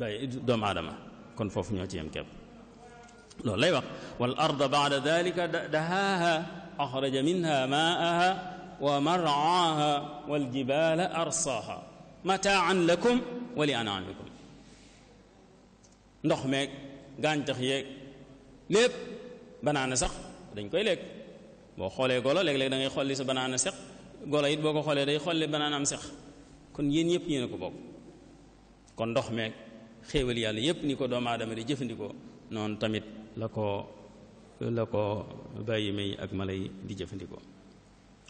bàyyi doomu aadama kon foofu ñoo ci yem képp loolu lay wax wal arda baada dalika dahaaha axraja minha maaha wa maraaha waljibala arsaaha mataan lakum ولأنعامكم نخمك غانتخ ييك لب بنانا سخ دنج كوي ليك بو خولي غولا ليك ليك داغي خولي سا بنانا سخ غولا يت بوكو خولي داي خولي بنانا ام سخ كون يين ييب يين كو بوب كون نخمك خيوال يالا ييب نيكو دوما ادم دي جيفنديكو نون تاميت لاكو لاكو باي مي اك مالاي دي جيفنديكو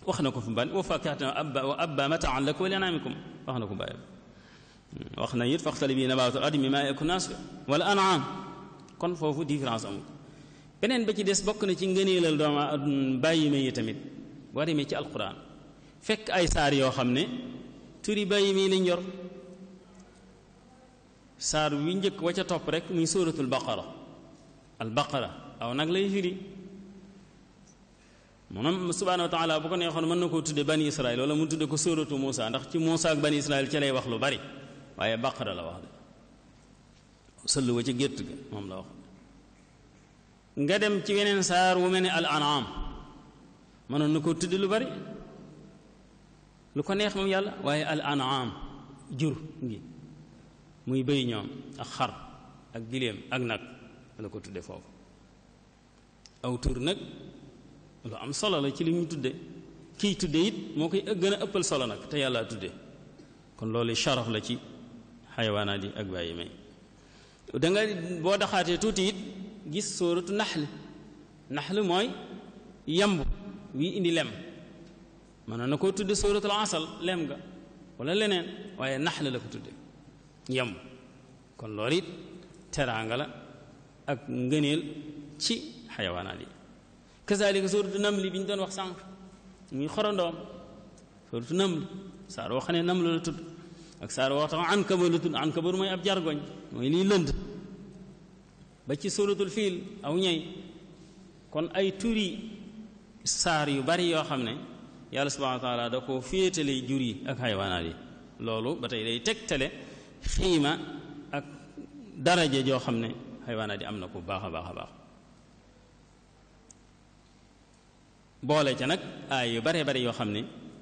واخناكو فبان وفاكاتنا ابا وابا متى عن لكم ولانامكم واخناكو باي واخنا يرفع خلي بينا بعض الأرض مما يكون ناس ولا أنعام كن فوفو دي في عزام بنين بكي دس بك نتشينغني للدوام باي مي يتمد واري مي تي القرآن فك أي ساري وخمني توري باي مي لنجر سار وينجك وجه تبرك من سورة البقرة البقرة أو نقلي فيري منم سبحان وتعالى بكون يخون منكو تد بني إسرائيل ولا منتد كسورة موسى نخش موسى بني إسرائيل كلا يبخلو باري waye baqara la wax sallu wa ci gétt mom la wax nga dem ci weneen sar wu mel al anam manon nako koo lu bari lu ko neex mom yàlla waye al anam jur ngi muy bëy ñom ak xar ak giléem ak nak la ko tudde fofu aw tour nak lu am solo la ci li ñu tudde ki tudde it mo koy gëna ëppal solo nak te yàlla tudde kon loolu sharaf la ci xayawaanaat yi ak bàyyi may danga boo doxaatee tuuti it gis sóoratu naxl naxl mooy yamb wi indi lem mënoon na koo tudde sóoratul asal lem nga wala leneen waaye nax la ko tudde yamb kon loolu it teraanga la ak ngëneel ci xayawaanaat yi kasaalika sóoratu namli bi ñu doon wax sànq muy xorondoom sóoratu namli saar woo xam ne namlu la tudd ak saar woo tax ankabur la tudd ankabur ab jargoñ mooy liy lënd ba ci suratul fiil aw ñey kon ay turi saar yu bari yoo xam ne yàlla subhanahu wa taala da koo féetale loolu ba tey day tegtale xiima ak daraja joo xam ne xaywaanaat yi am na ko baax a baax a baax boole ca nag aay yu bare bare yoo xam ne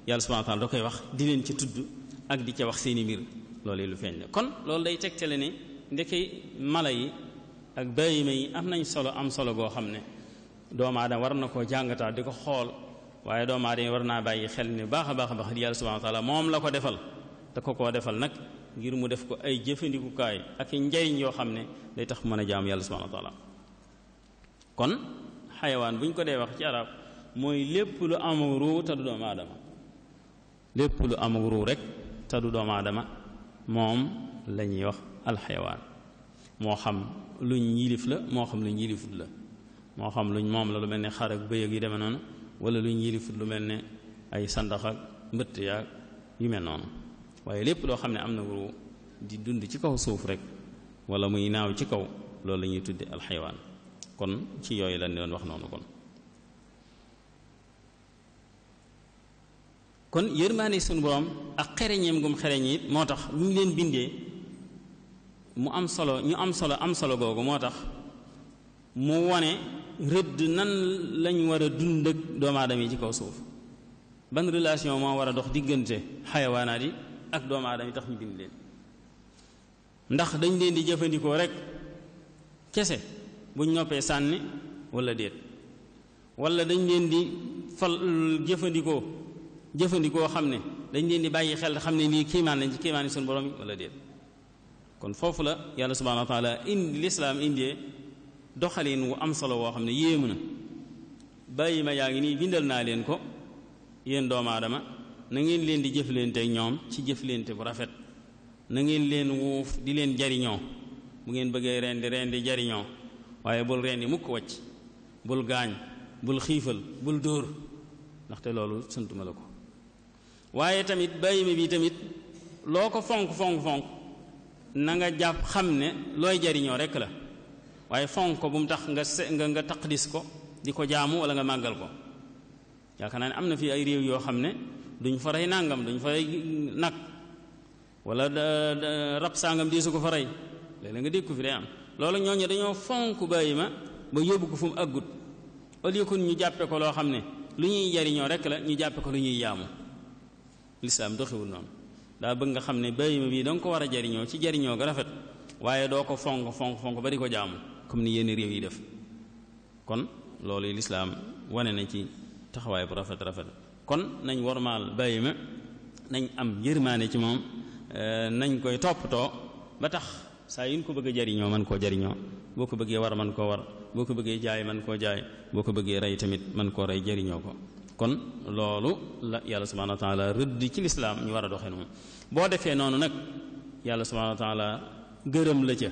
yàlla subhanahu wa taala da koy wax di ci tudd ak di ca wax seeni mbir loolee lu feeñ la kon loolu day tegtale ni ndeke mala yi ak bàyyima yi am nañ solo am solo goo xam ne doomu aadama war na koo jàngataa di ko xool waaye doomu aadama war naa bàyyi xel ne baax a baax a baax di yàlla subhanahu wa taala moom la ko defal te ko koo defal nag ngir mu def ko ay jëfandikukaay ak njariñ yoo xam ne day tax mën a jaam yàlla subhanahu wa taala kon xayawaan bu ñu ko dee wax ci arab mooy lépp lu am ruu te du lu am ruu rek te du doomu aadama moom la ñuy wax alxayawaan moo xam luñ yilif la moo xam luñ yilifut la moo xam luñ moom la lu mel ne xar ak bëy ak yu demee noonu wala luñ yilifut lu mel ay sandax ak mbëtt yaag yu mel noonu waaye lépp loo xam ne ru di dund ci kaw suuf rek wala muy naaw ci kaw loolu la ñuy tudde alxayawaan kon ci yooyu lañ doon wax noonu kon kon yërmaane sunu borom ak xereñeem gum xereñ it moo tax bu ñu leen bindee mu am solo ñu am solo am solo googu moo tax mu wone rëdd nan lañ war a dund ak doomu aadama yi ci kaw suuf ban relation moo war a dox diggante xayawaanaat yi ak doomu aadama yi tax ñu bind leen ndax dañ leen di jëfandikoo rek kese buñ noppee sànni walla déet wala dañ leen di fal jëfandikoo jëfandikoo xam dañ leen di bayyi xel xamne ni lii kiimaan lañ ci kiimaan yi suñu borom wala deet kon fofu la yalla subhanahu wa taala indi l'islam indee doxalin wu am solo wo xamne ne yéemu ma bindal naa leen ko yeen dooma adama na ngeen leen di jëflante ak ñoom ci jëflante bu rafet na ngeen leen wuuf di leen jariño bu ngeen rende rendi rendi jariño waye bul rendi mukk wacc bul gaañ bul xifal bul dóor ndaxte loolu santuma lako waaye tamit bàyyi ma bii tamit loo ko fonk fonk fonk na nga jàpp xam ne looy jariñoo rekk la waaye fonk ko bu mu tax nga se nga nga taqdis ko di ko jaamu walla nga màggal ko yaakaar naa ne am na fii ay réew yoo xam ne duñ fa rey nàngam duñ fa rey nag walla rab sàngam diisu ko fa rey léeg-léeg nga dégg ko fi day am loolu ñooñu dañoo fonk bàyyi ma ba yóbbu ko fu mu ko ëllëgoon ñu jàppe ko loo xam ne lu ñuy jariñoo rekk la ñu jàppe ko lu ñuy lislaam doxewul noonu daa bëgg nga xam ne bàyyima bii da nga ko war a jariñoo ci jariñoo ga rafet waaye doo ko fonk fonk fonk bari di ko jaamu comme ni yenn réew yi def kon loolu lislaam wane nañ ci taxawaay bu rafet rafet kon nañ wormaal ma nañ am yërmaane ci moom eh, nañ koy toppatoo ba tax saa yu ñu ko bëgg a jariñoo man koo jariñoo boo ko bëggee war man koo war boo ko bëggee jaay man koo jaay boo ko bëggee rey tamit man koo rey jariñoo ko kon lolu la yàlla subhanahu wa taala rëdd ci l'islam ñu wara doxé non bo défé defee nak yalla subhanahu wa taala gërëm la ca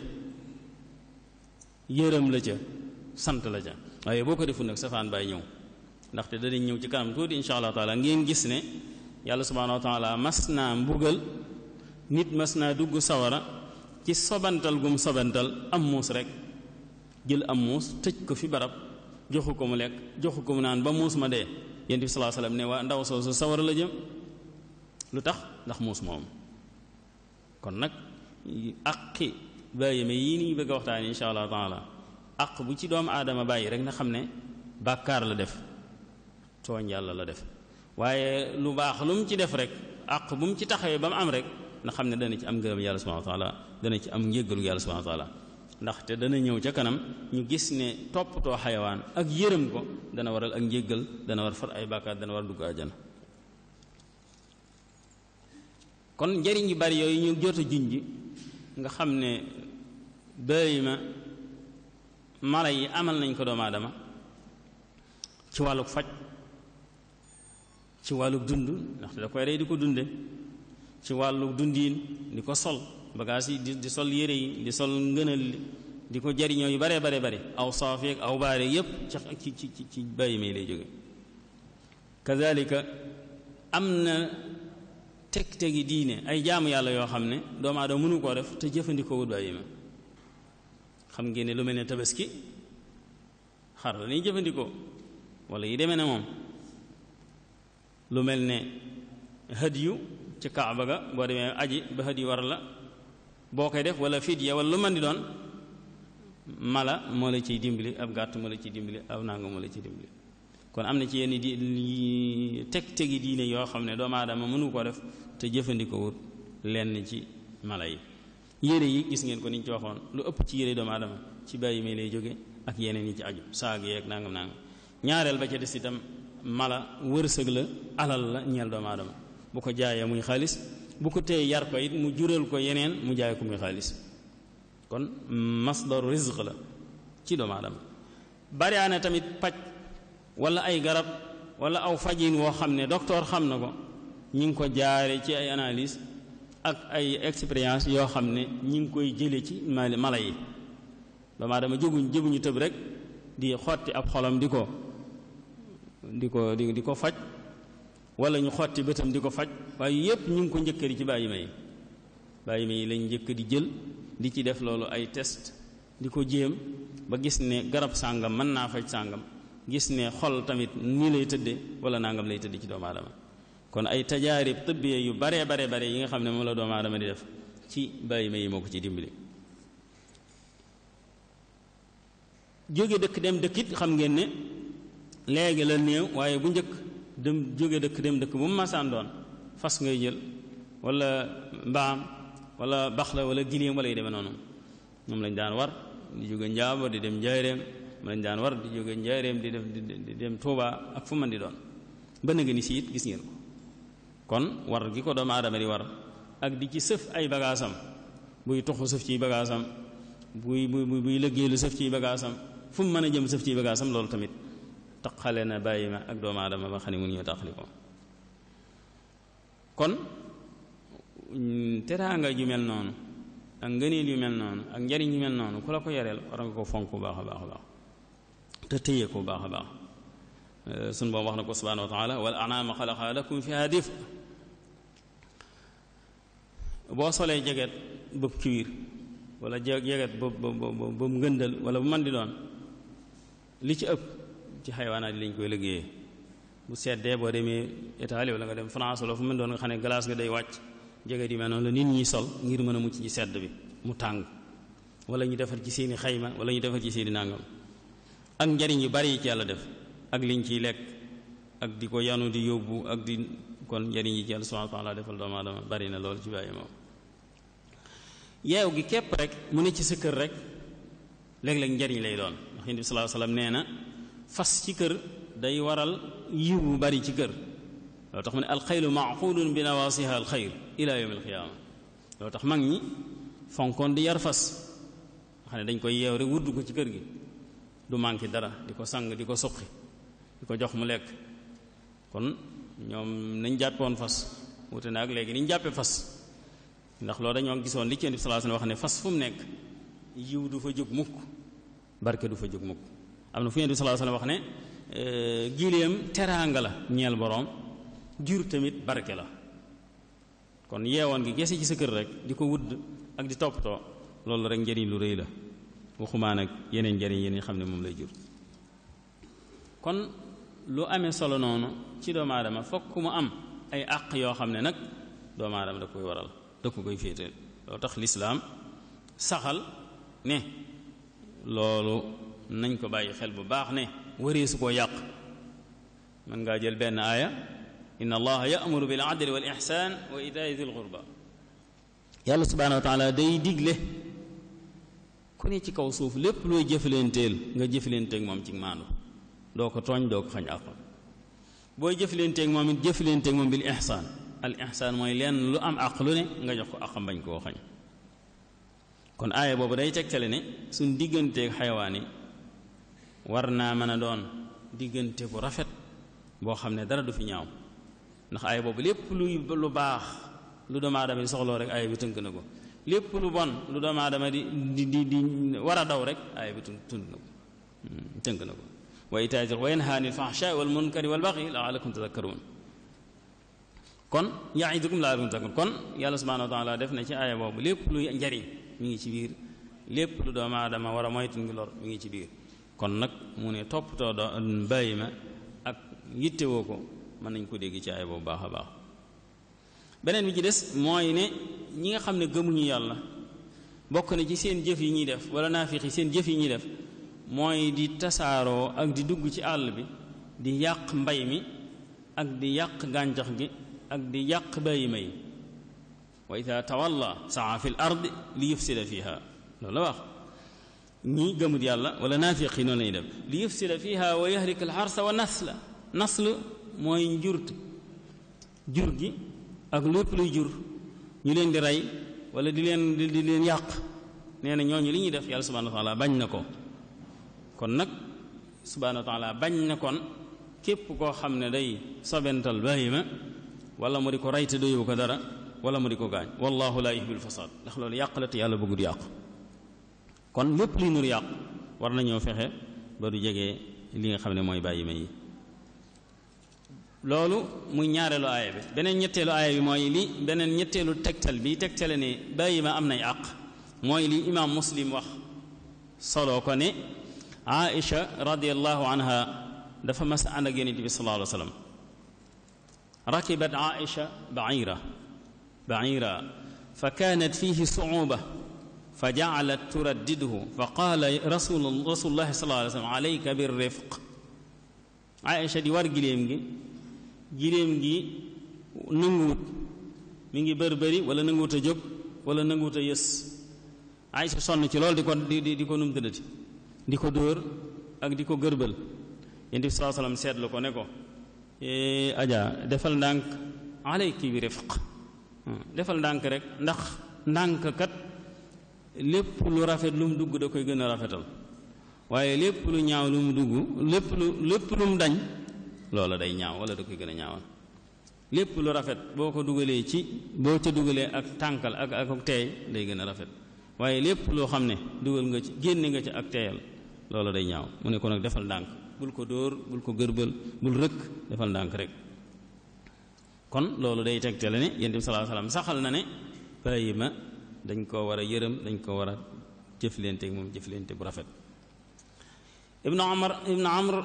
yërëm la ca sante la ca waaye boko defu nak safan bay ñew ndax té dañ ñew ci kanam tuuti inshallah taala ngeen gis né yalla subhanahu wa taala masna mbugal nit masna naa sawara ci sobantal gum sobantal am mus rek jël am mus tejj ko fi barab joxuko mu lek joxuko mu naan ba mus ma dé yonent bi sallallahu ne waa ndaw soosu sawara la jëm lu tax ndax muus moom kon nag aqi bàyyima yii ni ñu bëgg a waxtaan insha allah taala aq bu ci doomu aadama bàyyi rek na xam ne bàkkaar la def tooñ yàlla la def waaye lu baax lu mu ci def rek aq bu mu ci taxawee ba mu am rek na xam ne dana ci am ngërëm yàlla subhanahu wa taala dana ci am njéggalu yàlla subhanahu wa taala ndaxte dana ñëw ca kanam ñu gis ne toppatoo xayawaan ak yërëm ko dana waral ak njégal dana war far ay bàkkaar dana war dugg àjjana kon njariñ yu bari yooyu ñu jot a junj nga xam ne bëri ma mala yi amal nañ ko doomu ci wàlluk faj ci wàlluk dund ndaxte da koy rey di ko dunde ci wàlluk dundiin di ko sol bagage yi di di sol yére yi di sol ngëna di ko jariñoo yu bare bare bare aw saafeek aw baare yépp ci ci ci ci bàyyi may lay jóge kazalika am na teg-tegi diine ay jaamu yàlla yoo xam ne doomu aadama mënu koo def te jëfandikoo wut bàyyi ma xam ngeen ne lu mel ne tabaski xar la ñuy jëfandikoo wala yi demee ne moom lu mel ne hadiyu ci kaaba ga boo demee aji ba hadiyu war la boo koy def wala fidya wala lu mën di doon mala moo la ciy dimbali ab gàtt moo la ciy dimbali aw nanga moo la ciy dimbali kon am na ci yenn di teg tegi diine yoo xam ne doomu aadama mënu ko def te jëfandikoowut lenn ci mala yi yére yi gis ngeen ko niñ ci waxoon lu ëpp ci yére doomu aadama ci bàyyi may lay jóge ak yeneen yi ci aju saag yeeg nangam nangam ñaareel ba ca des itam mala wërsëg la alal la ñeel doomu aadama bu ko jaayee muy xaalis bu ko tey yar ko it mu jurel ko yenen mu jaay ko mi khalis kon masdar rizq la ci do madam bari ana tamit paj wala ay garab wala aw fajin wo xamne docteur xamna ko ñi ko jaare ci ay analyse ak ay experience yo xamne ne ñi koy jele ci mala yi doomu aadama jóguñ jëbuñu rek di xoti ab xolam Diko diko diko fajj wala ñu xotti bëtam di ko faj waaye yépp ñu ngi ko njëkkëri ci bàyyi ma yi bàyyi yi lañ njëkk di jël di ci def loolu ay test di ko jéem ba gis ne garab sàngam mën naa faj sàngam gis ne xol tamit nii lay tëdde wala nangam lay tëdde ci doomu aadama kon ay tajaarib tëbbiye yu baree bare bare yi nga xam ne moom la doomu aadama di def ci bàyyi ma yi moo ko ci dimbali jóge dëkk dem dëkkit xam ngeen léegi la néew waaye bu njëkk dem jóge dëkk dem dëkk bu mu masaan doon fas ngay jël walla mbaam walla baxla wala giléem wala yi demee noonu moom lañ daan war di jóge njaabo di dem njaareem moom lañ daan war di jóge njaareem di def dem Tuuba ak fu man di doon ba nga ni si it gis ngeen ko kon war gi ko doomu aadama di war ak di ci sëf ay bagaasam buy toxu sëf ciy bagaasam buy buy buy liggéey lu sëf ciy bagaasam fu mu mën a jëm sëf ciy bagaasam loolu tamit taqale na bàyyi ma ak doomu aadama ba xam ne mënuñoo taqali ko kon teraanga ju mel noonu ak ngëneel yu mel noonu ak njariñ yu mel noonu ku la ko yoreel war nga ko fonk baax a baax a baax te téye ko baax a baax sun boom wax na ko subhanahu wa taala wal anaama xalaqa lakum fiha dif boo solee jeget bëb cuir wala jeget bëb bëb ngëndal wala bu man di doon li ci ëpp ci xayawaanaat yi lañ koy liggéeyee bu seddee bo démé Italie wala nga dem France wala fu mën doon nga xam glace nga day wacc jege di mel la nit ñi sol ngir mëna mucc ci sedd bi mu tang wala ñu défar ci seeni xeyma wala ñu défar ci seeni nangam ak njariñ yu bari ci yalla def ak liñ ci lekk ak di yanu di yobbu ak di kon njariñ yi ci yalla subhanahu wa taala defal ma dama bari na lool ci baye moom yeew gi képp rek mu ne ci sa kër rek léeg-léeg njariñ lay doon xindi sallallahu alayhi wasallam neena na fas ci keur day waral yiwu bari ci keur loo tax mu ne alxaylu maquulun bi al alxayr ila yowm alqiyaama loo tax mag ni fonkon di yar fas xane dañ koy yeew rek ko ci keur gi du manki dara di sang di ko diko di ko jox mu lek kon ñom nañ jàppoon fas wute nak ak niñ jappé fas ndax lo dañu gisoon li ci Yonent sallallahu alayhi wasallam wax ne fas fumnek nek yiwu du fa jog mukk barke du fa jog mukk am na fu yonent bi sallallahu alayhi wasallam wax ne gileem teraanga la ñeel boroom jur tamit barke la kon yeewoon gi gese ci sa kër rek di ko wudd ak di toppatoo loolu rek njëriñ lu rëy la waxumaa nag yeneen njëriñ yeneen xam ne moom lay jur kon lu amee solo noonu ci doomu aadama fokk mu am ay àq yoo xam ne nag doomu aadama da koy waral da ko koy féeteel loo tax lislaam saxal ne loolu nañ ko bàyyi xel bu baax ne wariisu koo yàq mën ngaa jël benn aaya inna allaha ya'muru bil adli wal ihsan wa itaa'i dil qurba yàlla subhanahu wa taala day digle ku ne ci kaw suuf lépp looy jëflenteel nga jëflenteeg moom ci maandu doo ko tooñ doo ko xañ àqam booy jëflenteeg moom it jëflenteeg moom bil ihsan al ihsan mooy lenn lu am àq lu ne nga jox ko àqam bañ koo xañ kon aaya boobu day tegtale ne suñ digganteeg xayawaan yi war naa mën a doon diggante bu rafet boo xam ne dara du fi ñaaw ndax aaya boobu lépp luy lu baax lu doomu aadama di soxloo rek aaya bi tënk na ko lépp lu bon lu doomu aadama di di di di war a daw rek aaya bi tënk na ko tënk na ko wa itaaji wa yanhaa anil fahshaa'i wal munkari wal baghi la'allakum tadhakkaruun kon ya'idukum la'allakum tadhakkaruun kon yàlla subhaanahu wa taala def na ci aaya boobu lépp luy njariñ mi ngi ci biir lépp lu doomu aadama war a moytu ngi lor mi ngi ci biir kon nak mu ne top to do bayima ak yitte woko man nagn ko dégg ci ay bo baakha baax benen mi ci dess moy ne ñi nga xamne ne ñu yàlla bokk na ci seen jëf yi ñi def wala nafiqi seen jëf yi ñi def moy di tasaro ak di dugg ci àll bi di yàq mbay mi ak di yàq ganjax gi ak di yàq bayima yi wa ida tawalla saa fil ard li yufsida fiha lo la wax ني گم الله ولا نافقين ني دم ليفسد فيها ويهلك الحرث والنسل نسل موي نجورت جورغي اك لوب لي جور ني لين ولا دي لين دي لين ياق نينا ньо ญ ي لي ني داف يالله سبحانه وتعالى باج نكو كون نك سبحانه وتعالى باج نكون كيب ولا موري كو رايت دوي كو ولا موري كو والله لا يحب الفساد دخلوا لي يقلت يالله بوغ دي kon lépp li nur yaq war nañu fexe ba du jégué li nga xamné moy mooy bàyyi ma yi loolu muy ñaarelu ayé bi benen ñettelu ayé bi moy li benen ñettelu tektal bi tektale ne bàyyi ma am nay àq moy li imam muslim wax solo ko ne aisha radiyallahu anha dafa mas ànd ak yonent sallallahu alayhi wasallam rakibat aisha baira baira fa kanat fihi suuba فجعلت تردده فقال رسول رسول الله صلى الله عليه وسلم عليك بالرفق عائشة دي war giléem gi giléem gi nanguwut mi ngi bërbëri wala nanguwut a jóg wala nanguwut a yës Aïcha sonn ci loolu di ko di di ko num tëddati di ko dóor ak di ko gërbal yonent bi salaa salaam seetlu ko ne ko aja defal ndànk alayki bi rifq defal ndànk rek ndax ndànk kat lépp lu rafet lu mu dugg da koy gën a rafetal waaye lépp lu ñaaw lu mu dugg lépp lu lépp lu mu dañ loola day ñaaw wala da koy gën a ñaawal lépp lu rafet boo ko dugalee ci boo ca dugalee ak tànkal ak ak teey day gën a rafet waaye lépp loo xam ne dugal nga ci génne nga ci ak teeyal loola day ñaaw mu ne ko nag defal ndànk bul ko dóor bul ko gërbal bul rëkk defal ndànk rek kon loolu day tegtale ne yonent saxal na ne bàyyi ma dañ koo war a yërëm dañ ko war a jëflante moom jëflante bu rafet ibnu omar ibnu amr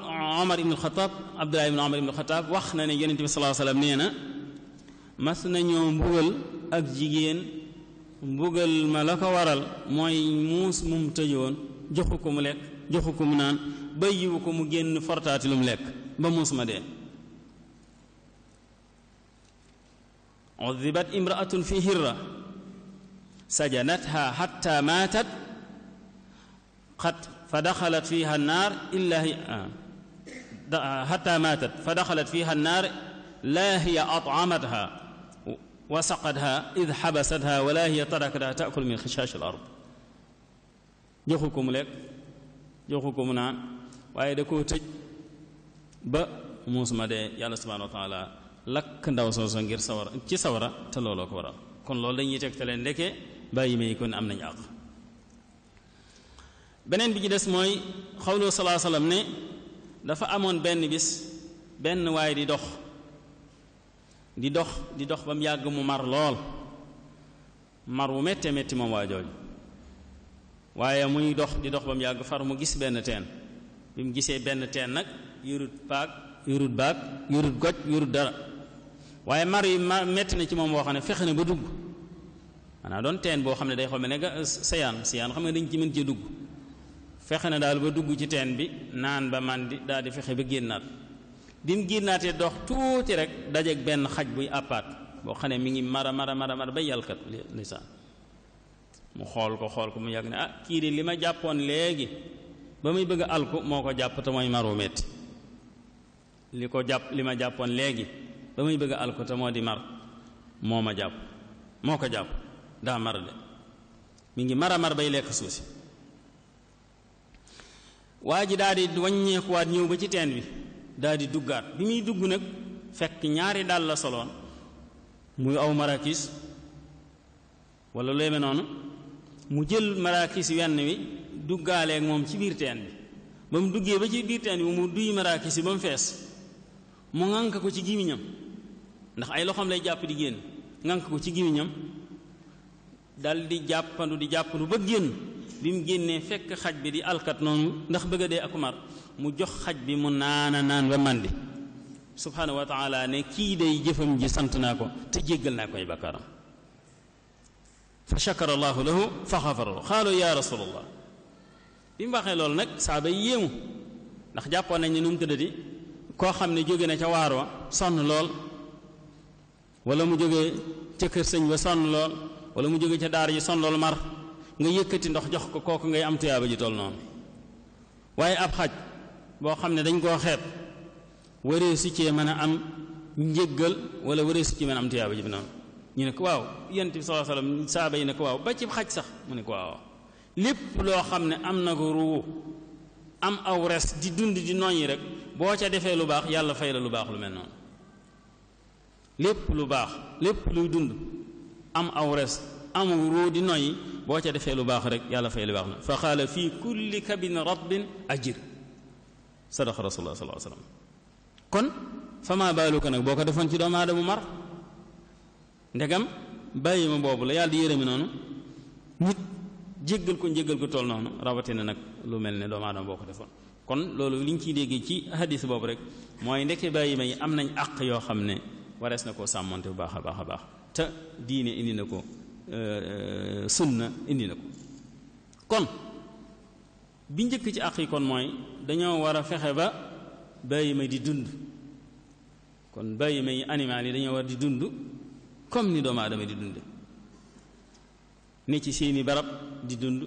omar ibnu xataab abdulahi ibnu omar ibnu xataab wax na ne yonente bi salaa sallam nee na mas nañoo mbugal ak jigéen mbugal ma la ko waral mooy muus mum tëjoon joxu ko mu lekk joxu ko mu naan ba yiwu ko mu génn fortaati lu mu lekk ba muus ma dee عذبت امرأة في هرة سجنتها حتى ماتت قد فدخلت فيها النار إلا هي آه، آه، حتى ماتت فدخلت فيها النار لا هي أطعمتها وسقتها إذ حبستها ولا هي تركتها تأكل من خشاش الأرض جوخكم لك جوخكم نعم وأيدكو تج ب موسم دي يا الله سبحانه وتعالى لك كنت وصوصا غير سورة كي سورة تلو لك ورا كن لولين يتكتلين لكي bàyyi may kon am nañu benen beneen bi ci dess moy xawloo sallallahu ne dafa amone ben bis ben way di dox di dox di dox bam yag mu mar lol mar wu metti metti moom wajoj waye muy dox di dox bam yag far mu gis ben ten bim gisse ben ten nak yurut pak yurut bak yurut goj yurut dara waye mar yi metti na ci mom ne ba dugg maanaam doon teen boo xam ne day xool mel ne sayaan sayaan xam nga dañ ci mën cee dugg fexe na daal ba dugg ci teen bi naan ba màndi daal di fexe ba génnaat bi mu génnaatee dox tuuti rek dajeeg benn xaj buy àppaat boo xam ne mi ngi mara mara mara mara ba yàlkat lisaan mu xool ko xool ko mu yàgg ne ah kii de li ma jàppoon léegi ba muy bëgg a moo ko jàpp te mooy metti li ko jàpp li ma jàppoon léegi ba bëgg a alku te moo di mar moo ma jàpp moo ko jàpp daa mar de mi ngi mar a mar bay lekk suuf waa ji daldi di ñëw ba ci teen bi daldi duggaat bi muy dugg nag fekk ñaari dàll la soloon muy aw marakis wala lu yeme noonu mu jël marakis wenn wi duggaaleeg moom ci biir teen bi ba mu duggee ba ci biir teen bi mu duy marakis yi ba mu fees mu ŋànk ko ci gimiñam ndax ay loxoom lay jàpp di génn ŋànk ko ci gimiñam dal di jappandu di japp lu génn bi mu génnee fekk xajj bi di alkat non ndax bëgg a akumar mu jox xajj bi mu nana nan ba mandi subhanahu wa taala ne ki day jëfam ji sant nako ko te jéggal naa ko ay bakkaaram fa shakara allah lahu fa xafara khalu ya Rasulullah, bi mu waxee loolu nag saaba yi ndax jàppoon nañ ne num mu di koo xam ne na ca waro son lol wala mu jóge ca keur señ ba son lol wala mu jóge ci daara ji son loolu mar nga yëkkati ndox jox ko koku ngay am tiyaba ji tol non waye ab xaj bo xamne dañ ko xeeb wëré ci ci mën am ñeegal wala wëré ci ci mën am tiyaba ji bi non ñu ne ko waaw yent sallallahu alayhi wasallam saaba ne ko waaw ba ci xaj sax mu ne ko waaw lépp lo xamne am na ko ruu am aw res di dund di noñi rek bo ca défé lu baax yàlla fayla lu baax lu mel non lépp lu baax lépp luy dund am aw res am ruud di noyyi boo ca defee lu baax rek yàlla fay lu baax na fa xaala fii kulli kabin ratbin ajir sadaqa rasulullah sallallahu alayhi wasallam kon fama baaluka nag boo ko defoon ci doomu aadama mar ndegam bàyyi ma boobu la yàlla di yërëmi noonu nit jéggal ko njéggal ko tool noonu rawatina nag lu mel ne doomu aadama boo ko defoon kon loolu li ñu ciy déggee ci hadis boobu rek mooy ndeke bàyyi ma yi am nañ àq yoo xam ne warees na koo sàmmonte bu baax a baax a baax te diine indi na ko euh, euh, sunna indi na ko kon bi njëkk ci àq yi kon mooy dañoo war a fexe ba bàyyi ma di dund kon bàyyi ma yi animal yi dañoo war di dund comme ni doomu aadama di dund ne ci seeni barab di dund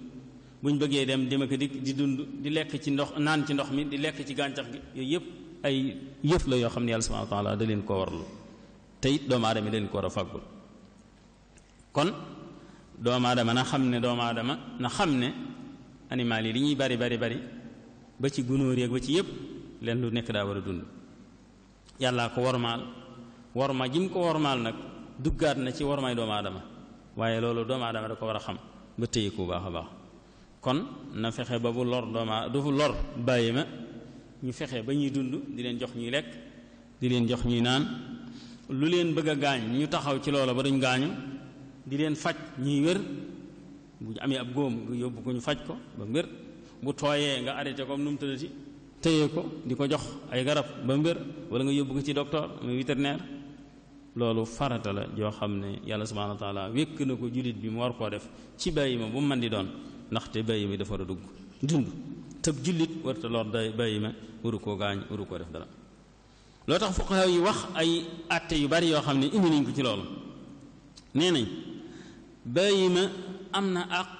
buñ bëggee dem dem ak dikk di dund di lekk ci ndox naan ci ndox mi di lekk ci gàncax gi yooyu yëpp ay yëf la yoo xam ne yàlla subhanahu wa taala da leen ko warlu te doomu aadama yi da leen ko war a fàggul kon doomu aadama na xam ne doomu aadama na xam ne animal yi li ñuy bari bari bari ba ci gunóor yeeg ba ci yépp leen lu nekk daa war a dund yàlla ko wormaal worma ji mu ko wormaal nag duggaat na ci wormaay doomu aadama waaye loolu doomu aadama da ko war a xam ba téye ko baax a baax kon na fexe ba bu lor dooma du lor bàyyi ma ñu fexe ba ñuy dund di leen jox ñuy lekk di leen jox ñuy naan lu leen bëgg a gaañ ñu taxaw ci loola ba duñ gaañu di leen faj ñuy wér bu ñu amee ab góom nga yóbbu ko ñu faj ko ba mu bu tooyee nga arrêté ko nu mu tëddati téye ko di ko jox ay garab ba mu wér wala nga yóbbu ko ci docteur muy vétérinaire loolu farata la joo xam ne yàlla subhaanahu wa taala wékk ko jullit bi mu war koo def ci bàyyi ma bu mu mën doon ndaxte bàyyi mi dafa a dugg dund tëb jullit warta lor day bàyyi ma waru koo gaañ waru koo def dara loo tax wax ay atte yu bari yoo xam ne indi nañ ko ci loolu nee nañ bàyyi ma am na àq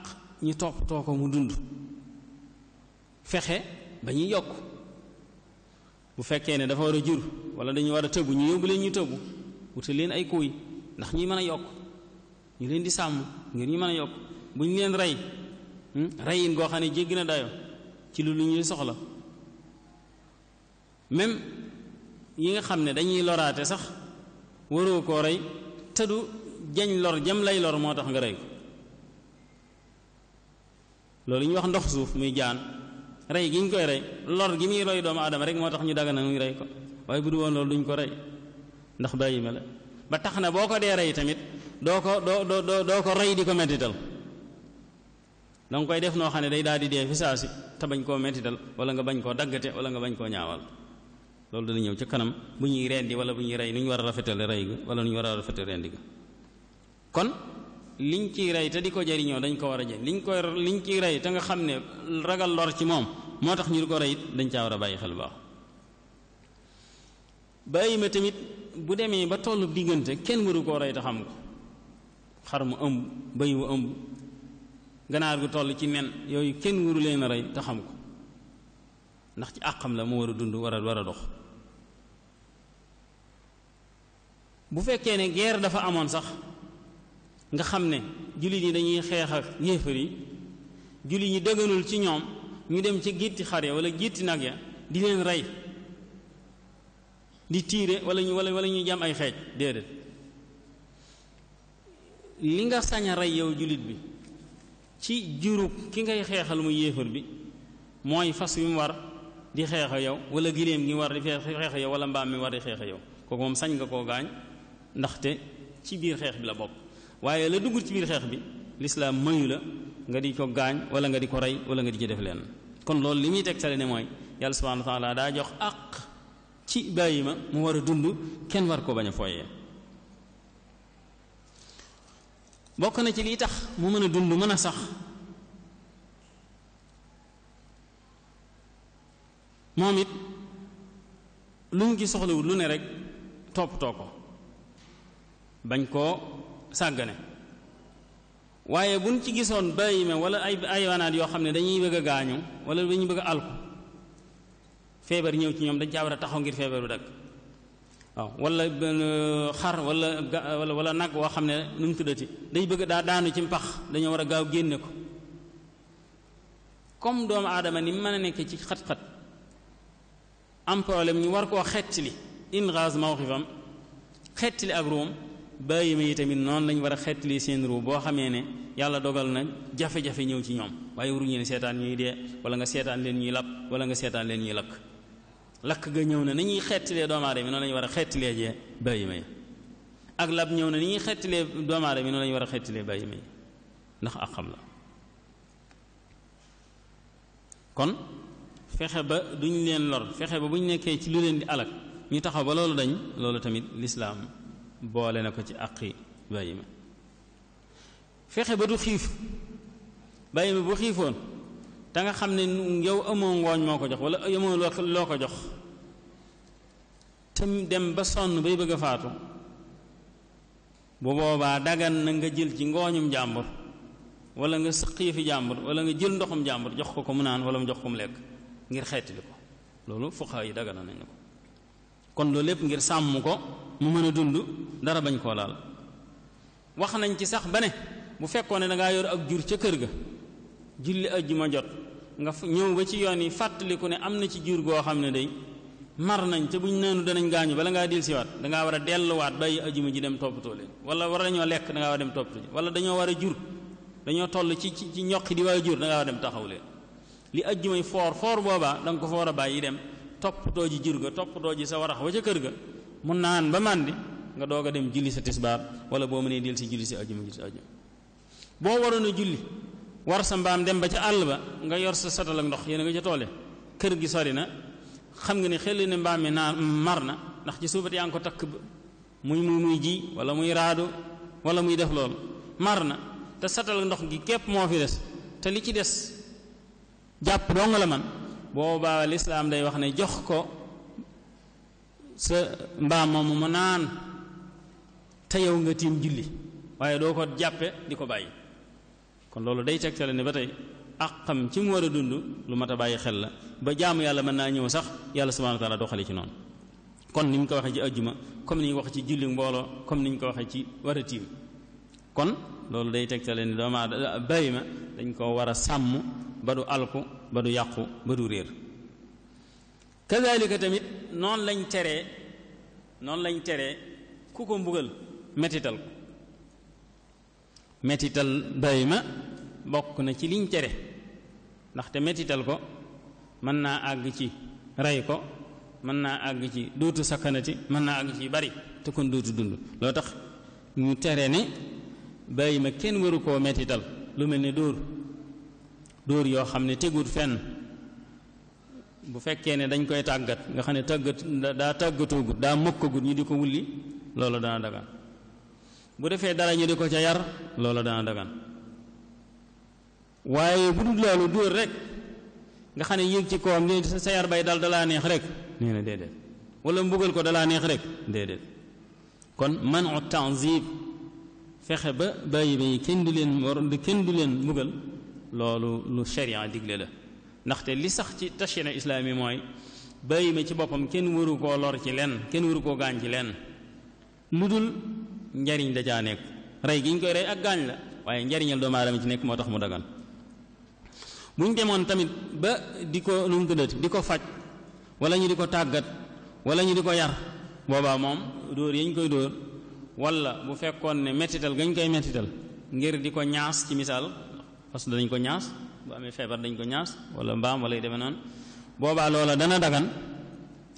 ñi toppatoo ko mu dund fexe ba ñuy yokk bu fekkee ne dafa war a jur wala dañu war a tëbb ñu yóbbu leen ñu tëbb wute leen ay kuy ndax ñuy mën a yokk ñu leen di sàmm ngir ñu mën a yokk bu ñu leen rey hmm, reyin goo xam ne jéggi na dayo ci lu lu ñuy soxla même yi nga xam ne dañuy loraate sax waroo koo rey jañ lor jam lay lor moo tax nga rey ko loolu ñu wax ndox suuf muy jaan rey gi ñu koy rey lor gi muy roy doomu aadama rek moo tax ñu dagana muy rey ko waaye bu du woon loolu duñ ko rey ndax bàyyi ma la ba tax na boo ko dee rey tamit doo ko doo doo doo ko rey di ko mettital danga koy def noo xam ne day daal di dee fi saa si te bañ koo mettital wala nga bañ koo daggate wala nga bañ koo ñaawal loolu dana ñëw ca kanam bu ñuy rendi wala bu ñuy rey nu ñu war a rafetale rey gi wala nu ñu war a rafetale gi kon liñ ciy rey te di ko jariñoo dañ ko war a jël liñ koy liñ ciy rey te nga xam ne ragal lor ci moom moo tax ñu di ko rey it dañ caa war a bàyyi xel baax bàyyi ma tamit bu demee ba tollu diggante kenn waru koo rey te xam ko xar mu ëmb bëy wu ëmb ganaar gu toll ci nen yooyu kenn waru leen a rey te xam ko ndax ci àqam la mu war a dund war a war a dox bu fekkee ne guerre dafa amoon sax nga xam ne jullit yi dañuy xeex ak yéefar yi jullit yi dëgganul ci ñoom ñu dem ci gitti xar ya wala gitti nag ya di leen rey di tiire wala ñu wala wala ñu jam ay xeej déedéet li nga sañ rey yow jullit bi ci jurub ki ngay xeexal mu yéefar bi mooy fas wi mu war di xeex yow wala giléem gi war di xeex yow wala mbaam mi war di xeex yow kooku moom sañ nga koo gaañ ndaxte ci biir xeex bi la bopp waaye la dugg ci biir xeex bi lislaam mayu la nga di ko gaañ wala nga di ko rey wala nga di ci def leen kon loolu li muy tegtale ne mooy yàlla subhanahu wa daa jox àq ci bàyyi ma mu war a dund kenn war koo bañ a fooyee bokk na ci lii tax mu mën a dund mën a sax moom it lu mu ci soxlawul lu ne rek toppatoo ko bañ koo sàggane waaye buñ ci gisoon bàyyi ma wala ay aywaanaat yoo xam ne dañuy bëgg a gaañu wala dañuy bëgg a alku feebar ñëw ci ñoom dañ caa a taxaw ngir feebar bu dakk waaw wala euh, xar wala wala nag woo xam ne nu mu tuddati day bëgg daa daanu ci mpax dañoo war a gaaw génne ko comme doomu aadama ni mën a nekk ci xat-xat am problème ñu war koo xettili ingaaz mawqifam xettili ak ruum bàyyi ma itamit noonu lañ wara xettali seen ru bo xamé ne yàlla dogal na jafe-jafe ñëw ci ñom waye waaye waruñu ne sétan ñuy dé wala nga sétan leen ñuy lap wala nga sétan leen ñuy lak lak ga ñëw na ni ñuy xeetlee doomu aadama noonu lañ war a xeetlee jee bàyyi ma ak lab ñëw na ni ñuy xeetlee doomu aadama noonu lañ war a xeetlee bàyyi ma ndax ak xam la kon fexe ba duñ leen lor fexe ba buñ nekké ci lu leen di alak ñu taxaw ba lolu dañ lolu tamit l'islam boole na ko ci àqi bàyyi ma fexe ba du xiif bàyyi ma bu xiifoon te nga xam ne yow amoo ngooñ moo ko jox wala amoo loo ko jox te dem ba sonn bay bëgg faatu bu boobaa dagan na nga jël ci ngooñum jàmbur wala nga sëqiifi jàmbur wala nga jël ndoxum jàmbur jox ko ko mu naan wala mu jox ko mu lekk ngir xeetli ko loolu fuqaa yi dagana nañu ko kon loolu lépp ngir sàmm ko mu mën a dund dara bañ koo laal wax nañ ci sax ba ne bu fekkoon ne dangaa yor ak jur ca kër ga julli ajjuma jot nga ñëw ba ci yoon yi fàttaliku ne am na ci jur goo xam ne day mar nañ te buñ naanu danañ gaañu bala ngaa dil siwaat dangaa war a delluwaat bàyyi ajjuma ji dem toppatoo leen wala war dañoo lekk dangaa war a dem toppatoo ji wala dañoo war a jur dañoo toll ci ci ñoqi di war a jur dangaa dem taxaw leen li ajjumay foor foor boobaa da nga ko fa war a bàyyi dem toppatoo ji jur ga toppatoo ji sa warax wa ca kër ga mu naan ba mandi nga doga dem julli sa tisbar wala bo meene del si julli si aljuma ci aljuma bo boo julli war sa mbam dem ba ci àll ba nga yor sa satal ak ndox yene nga ci tole ya. keur gi sori na xam nga ni xel ni mbam mi marna na ndax ci suubat yang ko tak muy muy muy ji wala muy radu wala muy def lol mar na te satal ndox gi kep mo fi des te li ci des do nga la man ba l'islam day wax ne jox ko sa mbaam moomu mu naan te yow nga tiim julli waaye doo ko jàppe di ko bàyyi kon loolu day tegtale ne ba tey xam ci mu war a dund lu mat a bàyyi xel la ba jaamu yàlla mën naa ñëw sax yàlla subhanahu wa doxale ci noonu kon ni ñu ko waxee ci ajjuma comme ni ñu ko waxee ci julli mbooloo comme ni ñu ko waxee ci war a tiim kon loolu day tegtale ne doomaa bàyyi ma dañ ko war a sàmm ba du alku ba du yàqu ba du réer kazalika tamit noonu lañ teree noonu lañ teree ku ko mbugal metital ko metital doy ma bokk na ci liñ tere ndaxte metital ko mën naa àgg ci rey ko mën naa àgg ci dootu sakkanati mën naa àgg ci bari te kon dootu dund loo tax ñu tere ne bàyyi ma kenn waru koo metital lu mel ne dóor dóor yoo xam ne teguut fenn bu fekkee ne dañ koy tàggat nga xam ne tàggat daa tàggatoogut daa mokkagut ñu di ko wulli loolu daana dagan bu defee dara ñu di ko ca yar loolu dana dagan waaye bu dul loolu dóor rek nga xam ne yéeg ci kawam ne sa yar bay dal dalaa neex rek nee na déedéet wala mbugal ko dalaa neex rek déedéet kon man u tanzib fexe ba bàyyi bay kenn du leen war kenn du leen mbugal loolu lu sharia digle la ndaxte li sax ci tashina islaami mooy bàyyi ma ci boppam kenn waru koo lor ci lenn kenn waru koo gaañ ci lenn lu dul njariñ da caa nekk rey gi ñu koy rey ak gaañ la waaye njariñal doomu aadama ci nekk moo tax mu dagan bu ñu demoon tamit ba di ko nu di ko faj wala ñu di ko tàggat wala ñu di ko yar boobaa moom dóor yañ koy dóor walla bu fekkoon ne mettital gañ koy mettital ngir di ko ñaas ci misaal parce que danañ ko ñaas bu amee feebar dañ ko ñaas wala mbaam wala yu demee noonu boobaa loola dana dagan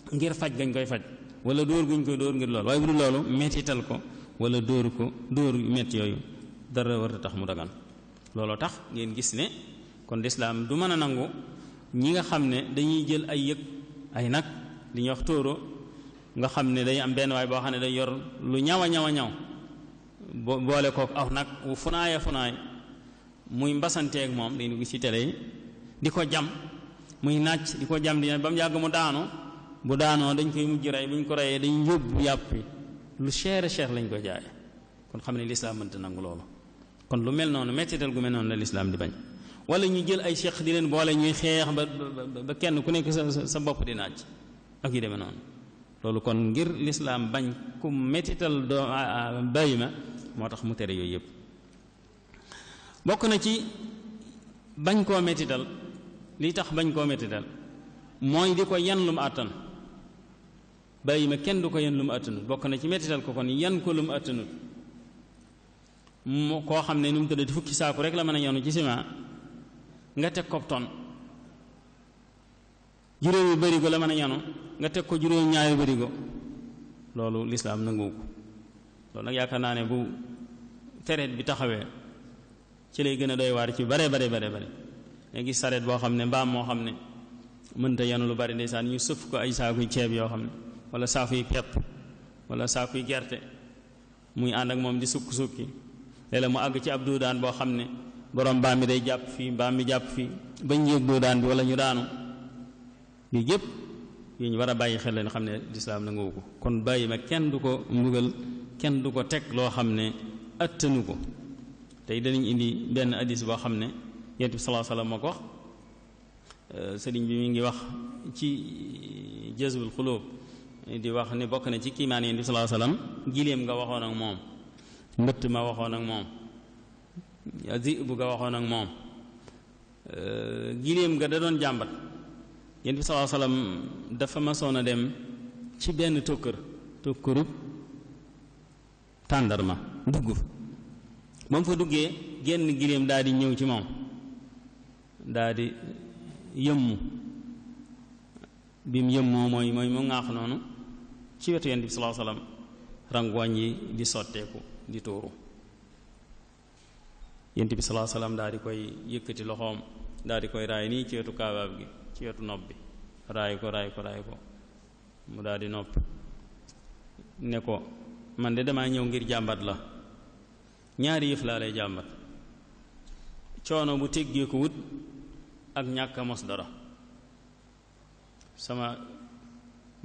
ngir faj gañ koy faj wala dóor guñ koy dóor ngir loolu waaye bu dul loolu mettital ko wala dóor ko dóor metti yooyu dara war a tax mu dagan looloo tax ngeen gis ne kon lislaam du mën a nangu ñi nga xam ne dañuy jël ay yëg ay nag li ñuy wax tóoro nga xam ne day am benn waay boo xam ne day yor lu ñaw a ñaw a ñaw boole kook aw nag wu funaay funaay muy mbasanteeg moom dañu gis ci télé yi di ko jam muy nàcc di ko jam di ba mu yàgg mu daanu bu daanoo dañ koy mujj rey bu ñu ko reyee dañ yóbbu yàpp lu cher cher lañ ko jaaye kon xam ne lislaam mënta nangu loolu kon lu mel noonu mettital gu mel noonu la lislaam di bañ wala ñu jël ay cheikh di leen boole ñuy xeex ba ba kenn ku nekk sa sa bopp di naaj ak yu demee noonu loolu kon ngir lislaam bañ ku mettital doo ma moo tax mu tere yooyu yëpp bokk na ci bañ koo mettital li tax bañ koo mettital mooy di ko yan lum mu àttan bàyyi ma kenn du ko yenn lu mu àttanut bokk na ci mettital ko kon yan ko lu mu àttanut mu koo xam ne nu mu tëddati fukki saaku rek la mën a yanu ci ciment nga teg ko ton juróomi bërigo la mën a yanu nga teg ko juróom ñaari bërigo loolu lislaam nanguwu ko loolu nag yaakaar naa ne bu tereet bi taxawee ci lay gën a doy waar ci bare bare bare bare nga gis sareet boo xam ne mbaam moo xam ne mënta yenu lu bari ndeysaan ñu sëf ko ay saakuy ceeb yoo xam ne wala saakuy pepp wala saakuy gerte muy ànd ak moom di sukk sukki léeg la mu àgg ci ab duudaan boo xam ne borom mbaam mi day jàpp fii mbaam mi jàpp fii bañ yëg duudaan bi wala ñu daanu yu yëpp yu ñu war a bàyyi xel leen xam ne lislaam nanguwu ko kon bàyyi ma kenn du ko mbugal kenn du ko teg loo xam ne attanu ko tey danañ indi benn addis boo xam ne yonent bi sallallahu alayhi wasallam wax euh, sëriñ bi mu ngi wax ci jazbul xulóob di wax ne bokk na ci kiimaan yonent bi sallallahu alayhi wasallam nga waxoon ak moom mbëtt ma waxoon ak moom zibu nga waxoon ak moom euh, giléem nga da doon jàmbat yonent bi sallallahu alayhi wasallam dafa masoon a dem ci benn tokkër tokkërub tàndarma dugg ba fa duggé genn giléem daal ñew ci mom daal yëm bi mu yëmmoo moy moy mo ŋaax noonu ci wetu yonent bi alayhi sallam rang wañi di sotteeku di toru yonent bi salaa sallam daal koy yëkëti loxom daal koy raay ni ci wetu kaabaab gi ci wetu nopp bi raay ko raay ko raay ko mu nopp ne ko man de dama ñew ngir jambat la ñaari yef la lay jàmbat choono bu ko wut ak sama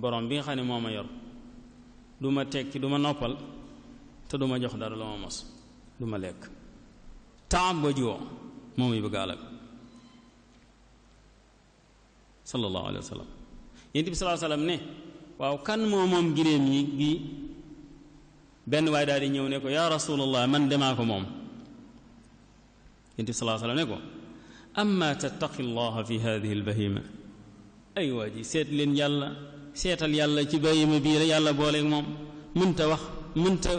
borom bi nga moma yor duma tekki duma lumalek, noppal te duma jox dara la ma mos du taam sallallahu Alaihi Wasallam ne waaw kan momom gi ben waaye daal di ñëw ne ko yaa rasulallah man demaa ko moom yonent bi salaa sallam amma tattaqi llaha fi hadihi albahima ay waa ji seet yàlla setal yàlla ci bahima bii la yàlla booleeg moom mënta wax mënta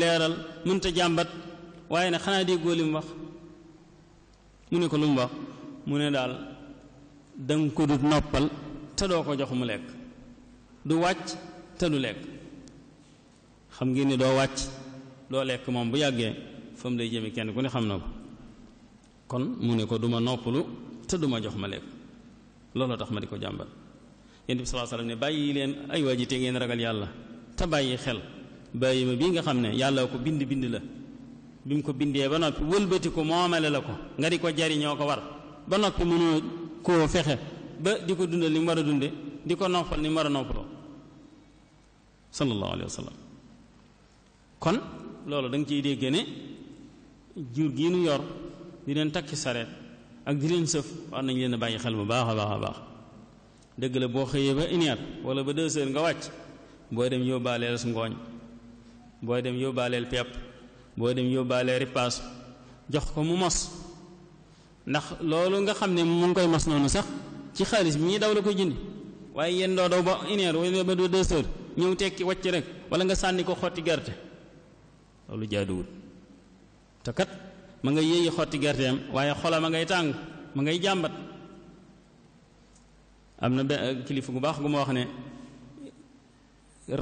leeral mënta jàmbat waaye nag xanaa déggoo li mu wax mu ne ko lu mu wax mu ne daal ko du noppal te doo ko jox mu lekk du wàcc te du lekk xam ngeen ni doo wàcc doo lekk moom bu yàggee fa mu lay jëme kenn ku ne xam na ko kon mu ne ko duma noppalu te duma jox ma lekk looloo tax ma di ko jàmbat yonent bi sallallahu alayhi ne bàyyi leen ay waaji te ngeen ragal yàlla te bàyyi xel bàyyi ma bii nga xam ne yàlla ko bind bind la bi ko bindee ba noppi wëlbati ko moomale la ko nga di ko jariñoo ko war ba noppi mënoo koo fexe ba di ko dundal ni mu war a dunde di ko noppal ni mu war a noppaloo sallallahu alayhi wasallam kon loolu danga nga ciy dégg ne jur gii yor di leen takki sareet ak di leen sëf war nañ leen a bàyyi xel bu baax a baax a baax dëgg la boo xëyee ba une heure wala ba deux heures nga wàcc booy dem yóbbaaleel su ngooñ booy dem yóbbaaleel pepp booy dem yóbbaaleel ripaas jox ko mu mos ndax loolu nga xam ne mu ngi koy mos noonu sax ci xaalis bi ñuy daw la koy jënd waaye yéen doo daw ba une heure wala ba deux ñëw tekki wàcc rek wala nga sànni ko xotti gerte loolu jaaduwut te kat ma ngay yeyi xoti gerteem waye xola ma ngay tang ma ngay jambat amna eh, kilifa gu bax gu mo waxne ne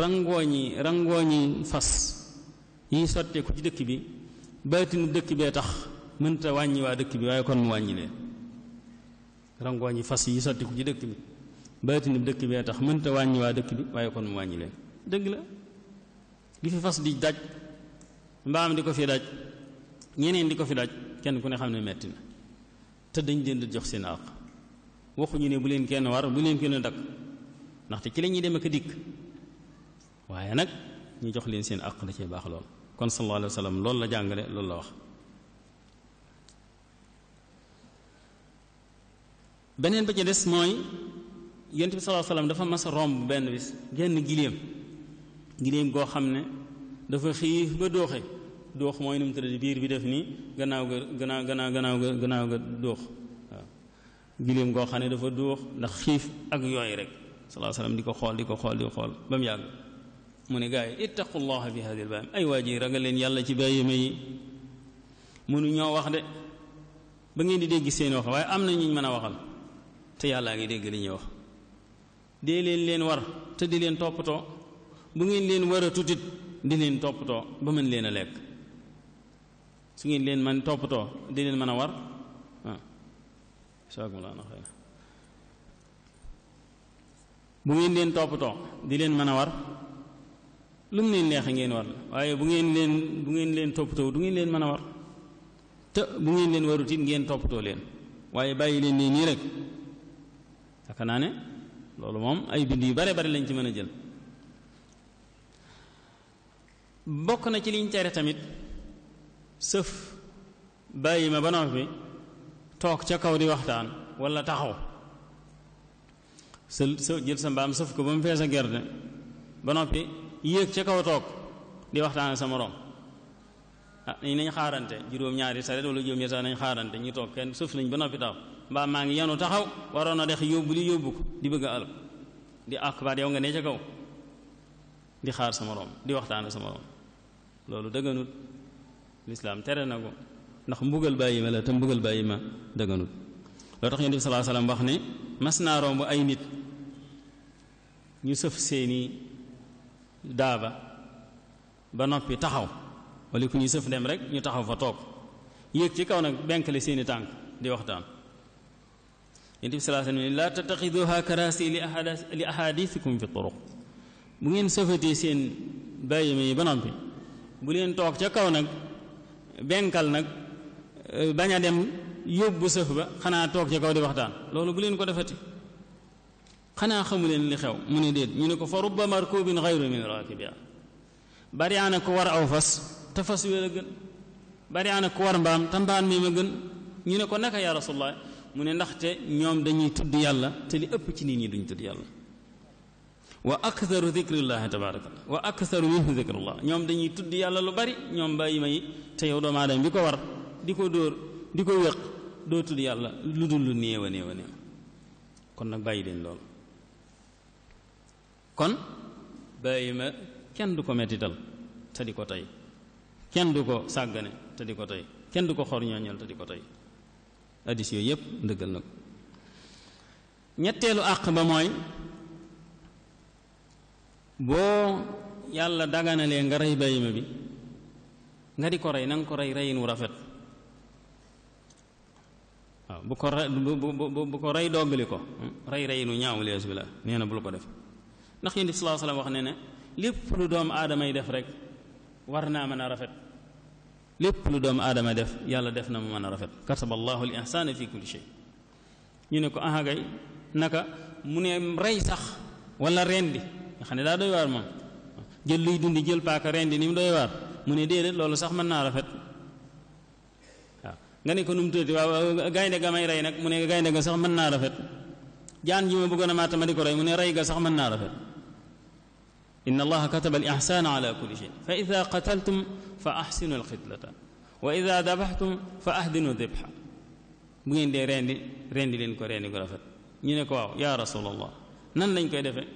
rangooñi fas yi sotteeku ci dëkk bi baatinu dëkk bee tax mënta wañi wa dëkk bi waye kon mu wañi le rangooñi fas yi sotteeku ci dëkk bi baatinu dëkk bee tax mënta wañi wa dëkk bi waye kon mu wañi le deug la li fi fas di daj mbaam di ko fi daj ñeneen di ko fi daj kenn ku ne xam ne metti na te dañ leen jox seen àq waxuñu ne bu leen kenn war bu leen kenn dakk ndaxte ci la ñuy dem ak dikk waaye nag ñu jox leen seen àq da cee baax lool kon sallallahu alayhi wa loolu la jàngale loolu la wax beneen ba ca des mooy yonent bi sallallahu alayhi dafa mas romb benn bis genn giléem giléem goo xam ne dafa xiif ba dooxe doox mooy na mu tëdd biir bi def nii gannaaw ga gannaaw gannaaw gannaaw ga gannaaw ga doox waaw giléem koo xam ne dafa doox ndax xiif ak yooyu rek salaa salaam di ko xool di ko xool di ko xool ba mu yàgg mu ne gaa yi ittaqullaha fi hadil baam ay waa ji ragal leen yàlla ci bàyyima yi mënu ñoo wax de ba ngeen di dégg seen wax waaye am na ñu mën a waxal te yàllaa ngi dégg li ñuy wax dee leen leen war te di leen toppatoo bu ngeen leen war tutit di leen toppatoo ba mën leen a lekk su ngeen leen man toppatoo di mën a war ah. bu ngeen leen toppatoo di leen mën a war lu leen neex ngeen war waaye bu ngeen leen bu ngeen leen toppatoo du ngeen leen mën a war te bu ngeen leen warut it ngeen toppatoo leen waaye bàyyi leen nii nii rek yaakaar naa ne loolu moom ay bind yu bare bare lañ ci mën a jël bokk na ci liñ tere tamit sëf bàyyi ma ba noppi toog ca kaw di waxtaan walla taxaw sa sa jël sa mbaam sëf ko ba mu fees a gerte ba noppi yéeg ca kaw toog di waxtaan sa moroom ah nii nañ xaarante juróom-ñaari saret la juróom-ñaari saret nañ xaarante ñu toog kenn sëf nañ ba noppi taxaw mbaa maa ngi yanu taxaw waroon a dex yóbbu di yóbbu ko di bëgg a al di akbar yow nga ne ca kaw di xaar sa moroom di waxtaan sa moroom loolu dëgganut lislaam tere na ko ndax mbugal bàyyi ma la te mbugal bàyyi ma dëgganut loo tax yonent bi salaa salaam wax ne mas naa romb ay nit ñu sëf seeni daaba ba noppi taxaw wala ku ñu sëf dem rek ñu taxaw fa toog yéeg ci kaw nag benkale seeni tànk di waxtaan yonent bi salaa salaam ne laa tattaxiduha karaasi li ahadithikum fi turuq bu ngeen sëfatee seen bàyyi ma yi ba noppi bu leen toog ca kaw nag benkal nag bañ a dem yóbbu sëf ba xanaa toog ca kaw di waxtaan loolu bu leen ko defati xanaa xamu leen li xew mu ne déet ñu ne ko fa rubba markubin xayru min raakibiha bari ana ko war aw fas te fas wéer gën bari ana ko war mbaam te mbaam mi ma gën ñu ne ko naka yaa rasulallah mu ne ndaxte ñoom dañuy tudd yàlla te li ëpp ci nit ñi duñ tudd yàlla wa aktharu dhikrullahi tabaraka wa aktharu minhu dhikrullah ñoom dañuy tudd yàlla lu bari ñoom bàyyi ma yi te yow doomu aadama bi ko war di ko dóor di ko wéq doo tudd yàlla lu dul lu néew a wa a néew kon nag bàyyi leen loolu kon bàyyi ma kenn du ko mettital te di ko tey kenn du ko sàggane te di ko tey kenn du ko xor ñooñal te di ko tey addis yooyu yépp ndëggal na ko ñetteelu àq ba mooy boo yàlla daganalee nga rey bayima bi nga di ko rey nanga ko rey reyin wu rafet waaw bu ko bu ko rey doggali ko rey reyinu ñaaw lees bi la nee na bul ko def ndax yonent bi sallallahu wax ne ne lépp lu doomu aadama def rek war naa mën a rafet lépp lu doomu aadama def yàlla def na mu mën a rafet kataballahu al ihsana fi kulli shay ñu ne ko ahagay naka mu ne rey sax wala rendi nga xam ne daa doy waar moom jël luy dundi jël paaka rendi ni mu doy waar mu ne déedéet loolu sax mën naa rafet waaw nga ne ko nu mu tuuti waaw gaynde ga may rey nag mu ne gaynde ga sax mën naa rafet jaan ji ma bëggoon a maata ma di ko rey mu ne rey ga sax mën naa rafet إن الله كتب الإحسان على كل شيء فإذا قتلتم فأحسنوا القتلة وإذا ذبحتم فأهدنوا الذبح بوين دي ريندي ريندي لين كو ريندي كو رافت ني نكو يا رسول الله نان لنج كاي ديفه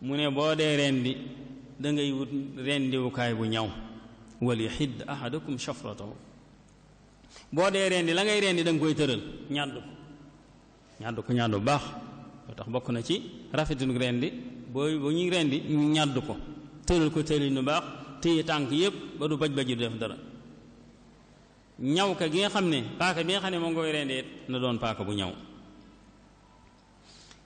mu ne boo dee rendi da ngay wut rendiwukaay bu ñaw wal yuxidd ahadakum shafratahu boo dee rendi la ngay rendi da nga koy tëral ñàdd ko ñàdd ko ñàdd bu baax loo tax bokk na ci rafetul rendi booy bu ñuy ko tëral ko tëral bu baax téye tànk yépp ba du baj baj du def dara ñaw ka gi nga xam ne paaka bi nga xam ne moo ngi koy rendee na doon paaka bu ñaw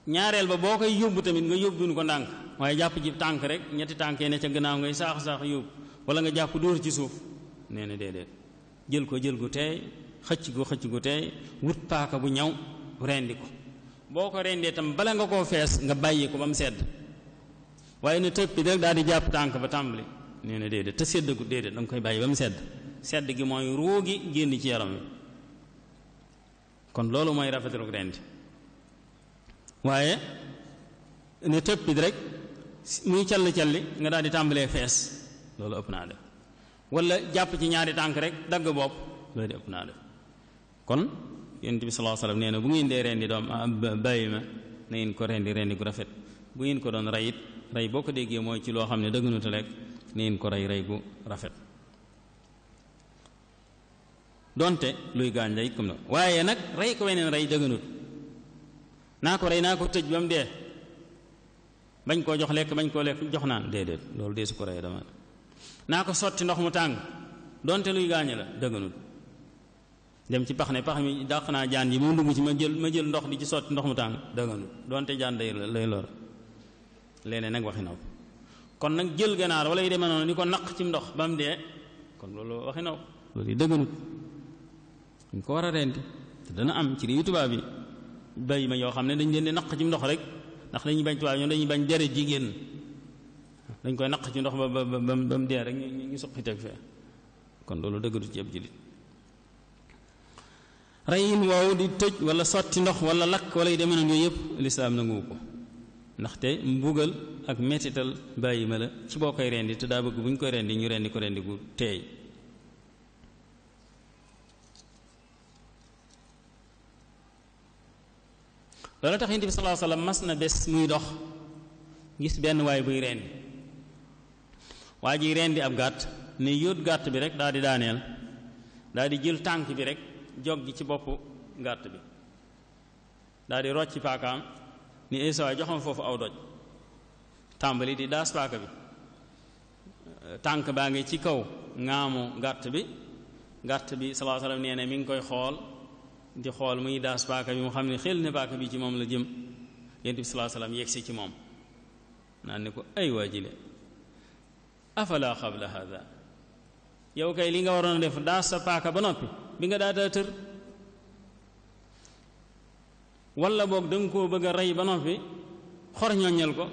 ñaareel ba boo koy yóbbu tamit nga yóbbuñ ko ndànk waaye jàpp ji tànk rek ñetti tànk yi ne ca gannaaw ngay saax saax yóbbu wala nga jàpp dóor ci suuf nee na déedéet jël ko jël gu teey xëcc gu xëcc gu teey wut paaka bu ñaw rendi ko boo ko rendee tam bala nga koo fees nga bàyyi ko ba mu sedd waaye ne tëb bi daal di jàpp tànk ba tàmbali nee na déedéet te sedd gu déedéet da nga koy bàyyi ba sedd sedd gi mooy ruu gi ci yaram loolu mooy rafetalu rendi rek muy calli-calli nga daal di tàmbalee fees loolu ëpp naa def wala jàpp ci ñaari tànk rek dagg bopp loolu di ëpp naa def kon yonent bi sallallahu alayhi wasallam na bu ngeen dee rendi doom ah, bàyyi ma na ngeen ko rendi rendi gu rafet bu ngeen ko doon rey rey boo ko déggee mooy ci loo xam ne dëgganuta na ngeen ko na waaye nag rey ko weneen rey dëgganut naa ko rey naa ko tëj ba mu dee bañ koo jox lekk bañ koo lekk jox naan déedéet loolu dee su ko rey dama naa ko sotti ndox mu tàng donte luy gaañe la dëgganul dem ci pax ne pax mi dàq naa jaan yi mu dugg ci ma jël ma jël ndox di ci sotti ndox mu tàng dëgganul donte jaan day lay lor léeg nag waxi naw kon nag jël ganaar wala yi demee noonu ni ko naq ci ndox ba mu dee kon loolu waxi naw loolu yi dëgganut ñu ko war a renti te dana am ci réew tubaab yi bay ma yoo xam ne dañ leen di naq ci ndox rek ndax dañuy bañ tubaab ñoom dañuy bañ dere ji génn dañ koy naq ci ndox ba ba ba mu dee rek ñu ñu suqi teg fee kon loolu dëggatu ci ab jullit reyin woow di tëj wala sotti ndox wala lakk wala yu demee noonu yëpp lislaam nangu ko ndaxte mbugal ak mettital bàyyi ma la ci boo koy rendi te daa bëgg bu ñu koy rendi ñu rendi ko rendi gu teey loolu tax yonent bi sallallahu alayhi mas na bés muy dox gis benn waay buy rendi waa ji reen di ab gàtt ne yóot gàtt bi rek dal di daaneel dal di jël tànk bi rek jog gi ci boppu gàtt bi daal di rocci paakaam ni esawaay eh, joxam foofu aw doj tàmbali di daas paaka bi tànk baa ngi ci kaw ŋaamu gàtt bi gàtt bi sallallahu alayhi wasallam nee na mi ngi koy xool di xool muy daas paaka bi mu xam ne xel ne paaka bi ci moom la jëm yonent bi sallallahu alayhi wasallam yegsi ci moom naa ne ko ay waa jile afala qabla yow kay li nga waroon a def daas sa paaka ba noppi bi nga daataa tër wala boog da koo bëgg rey ba noppi xor ñooñal ko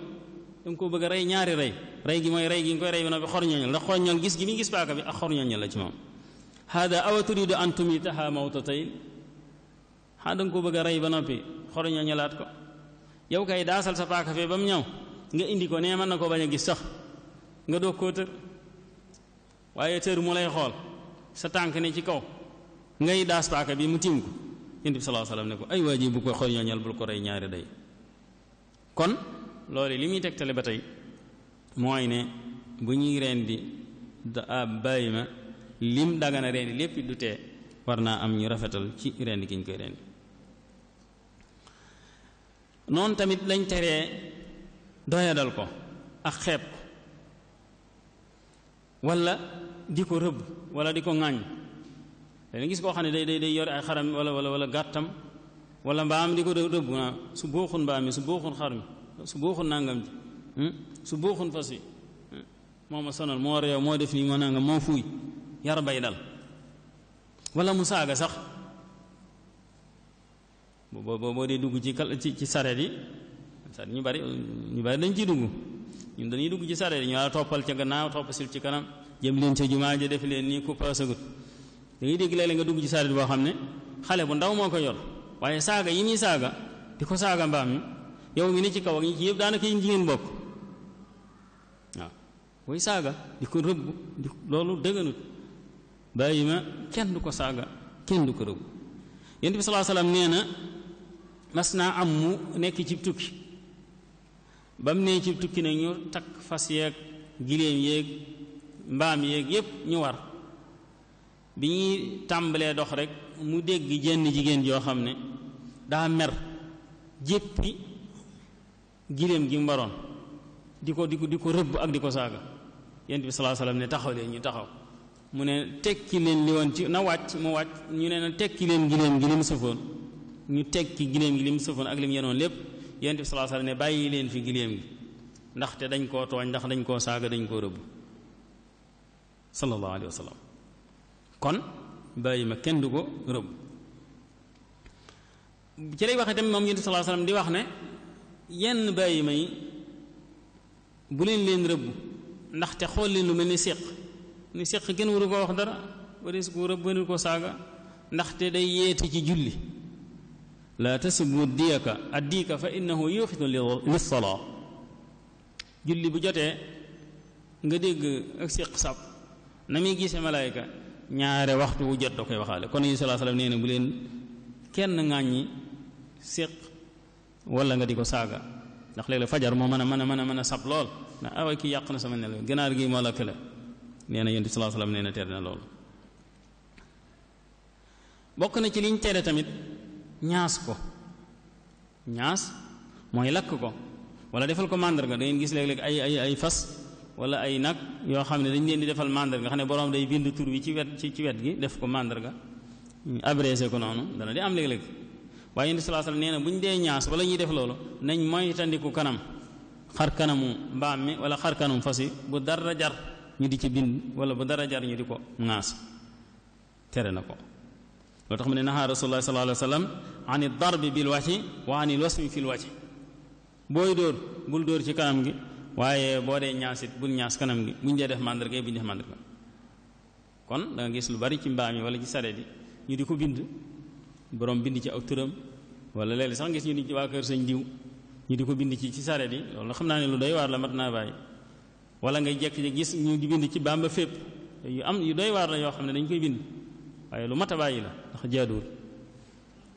da nga koo bëgg rey ñaari rey rey gi mooy rey gi nga koy rey ba noppi xor ñooñal ndax xor ñooñal gis gi mi gis paaka bi ak xor ñooñal la ci moom hada awa turidu an tumitaha mawtatayn xanaa danga ko bëgg a rey ba noppi xoroña ñalaat ko yow kay daasal sa paaka fee ba mu ñaw nga indi ko nee mën na ko bañ a gis sax nga doog koo tër waaye tër mu lay xool sa tànk ne ci kaw ngay daas paaka bi mu tiim ko yonent bi sallallahu ne ko ay waa ji bu ko xoroña bul ko rey ñaari day kon loolu li muy tegtale ba tey mooy ne bu ñuy rendi ab ah, bàyyi ma lim dagana rendi lépp du tee war naa am ñu rafetal ci rendi gi ñu koy rendi noonu tamit lañ teree doyadal ko ak xeeb ko wala di ko rëbb wala di ko ŋàññ dana gis koo xam ne day day day yore ay xaram wala wala wala gàttam wala mbaam di ko rëbb naa ah, su booxun mbaam mi su booxun xar mi su booxun nàngam ji hmm? su booxun fas wi hmm? moo ma sonal moo réew moo def nii moo nangam moo fuuy yar bay dal wala mu saaga sax boo boo boo dee dugg ci kal ci ci sareet yi sareet ñu bari ñu bari dañ ciy dugg ñun dañuy dugg ci sareet yi ñu la toppal ca gannaaw topp sil ci kanam jëm leen ca jumaa ja def leen ni ku paasagut da ngay dégg léeg-léeg nga dugg ci sareet boo xam ne xale bu ndaw moo ko yor waaye saaga yi muy saaga di ko saaga mbaam mi yow mi ne ci kaw ak ñi ci yëpp daanaka yi ngeen bokk waaw koy saaga di ko rëbb loolu dëgganut bàyyi ma kenn du ko saaga kenn du ko rëbb yonent mas naa am mu nekk ci tukki ba mu nee ci tukki nag ñu takk fas yeeg giléem yéeg mbaam yéeg yépp ñu war bi ñuy tàmbalee dox rek mu dégg jenn jigéen joo xam ne daa mer jéppi giléem gi mu waroon di ko di ko di ko rëbb ak di ko saaga yent bi salaa salaam ne taxaw leen ñu taxaw mu ne tekki leen li woon ci na wàcc mu wàcc ñu ne na tekki leen giléem gi li mu sëfoon ñu teg ci giléem gi li mu sëfoon ak li mu yenoon lépp yonent bi sallallahu alayhi wasallam ne bàyyi leen fi giléem gi ndaxte dañ koo tooñ ndax dañ koo saaga dañ koo rëbb sallallahu alayhi wasallam kon bàyyi ma kenn du ko rëbb ci lay waxee tamit moom yonent bi sallallahu alayhi wasallam di wax ne yenn bàyyi ma yi bu leen leen rëbb ndaxte xool leen lu mel ni séq ni séq kenn waru koo wax dara waris ko rëbb waru koo saaga ndaxte day yeete ci julli لا تسبوا الديك الديك فإنه يوفد للصلاة julli bu jotee nga dégg ak siq sab na muy gise malaayka ñaare waxtu wu jot da koy waxaale kon yi salaa salaam nee na bu leen kenn ŋàññi siq wala nga di ko saaga ndax léeg-la fajar moo mën a mën a mën a mën a sab lool na awa kii yàq na sama nelaw ganaar gi moo la kële nee na yonent bi salaa salaam nee na tere na loolu bokk na ci liñ tere tamit ñaas ko ñaas moy lak ko wala defal ko mandar nga dañu gis leg leg ay ay ay fas wala ay nak, yo xam dañu leen di defal mandar nga ne borom day bind tour wi ci wet ci wet gi def ko nga abrégé ko nonu dana di am leg leg waaye indi sallallahu alayhi na neena buñ de ñaas wala ñi def lolu nañ tandiku kanam xar kanamu mbaam wala xar kanamu fasi, bu dara jar ñu di ci bind wala bu dara jar ñu di ko ŋaas tere nako loo tax mu ne rasulullah sallallahu Alaihi Wasallam, ani darbi bil wajhi wa ani wasmi fil wajhi boy dor bul dor ci kanam gi waye bo de ñaasit bul ñaas kanam gi buñ de def mandarga buñ def mandarga kon da nga gis lu bari ci mbaam yi wala ci sareet ñu di ko bind borom bind ci ak turam wala sax gis ñu di wa keur señ diw ñu di ko bind ci ci sareet yi loolu xam naa lu doy war la mat wala ngay jek gis ñu di bind ci bamba fep yu am yu doy war la yo xamne dañ koy bind waaye lu mat a bàyyi la ndax jaaduwul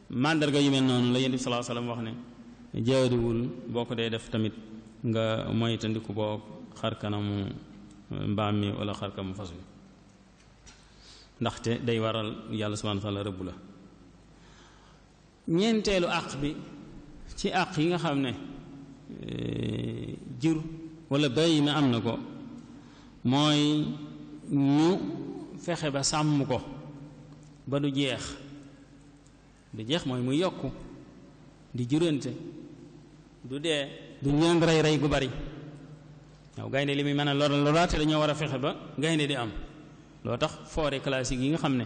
mandarga yu mel noonu la yonent bi sallallahu alayhi wax ne jaaduwul boo ko dee def tamit nga moytandiku boo xar kanamu mbaam mi wala xar kanamu fas wi ndaxte day waral yàlla subhaanahu wa taala rëbb la ñeenteelu àq bi ci àq yi nga xam ne jur wala bàyyi ma am na ko mooy ñu fexe ba sàmm ko ba du jeex du jeex moy muy yokku di jurenté du dé du leen ray ray gu bari yow gayne limi muy mën a lor loraate dañoo war a fexe ba gayne di am lo tax foore classique yi nga xamné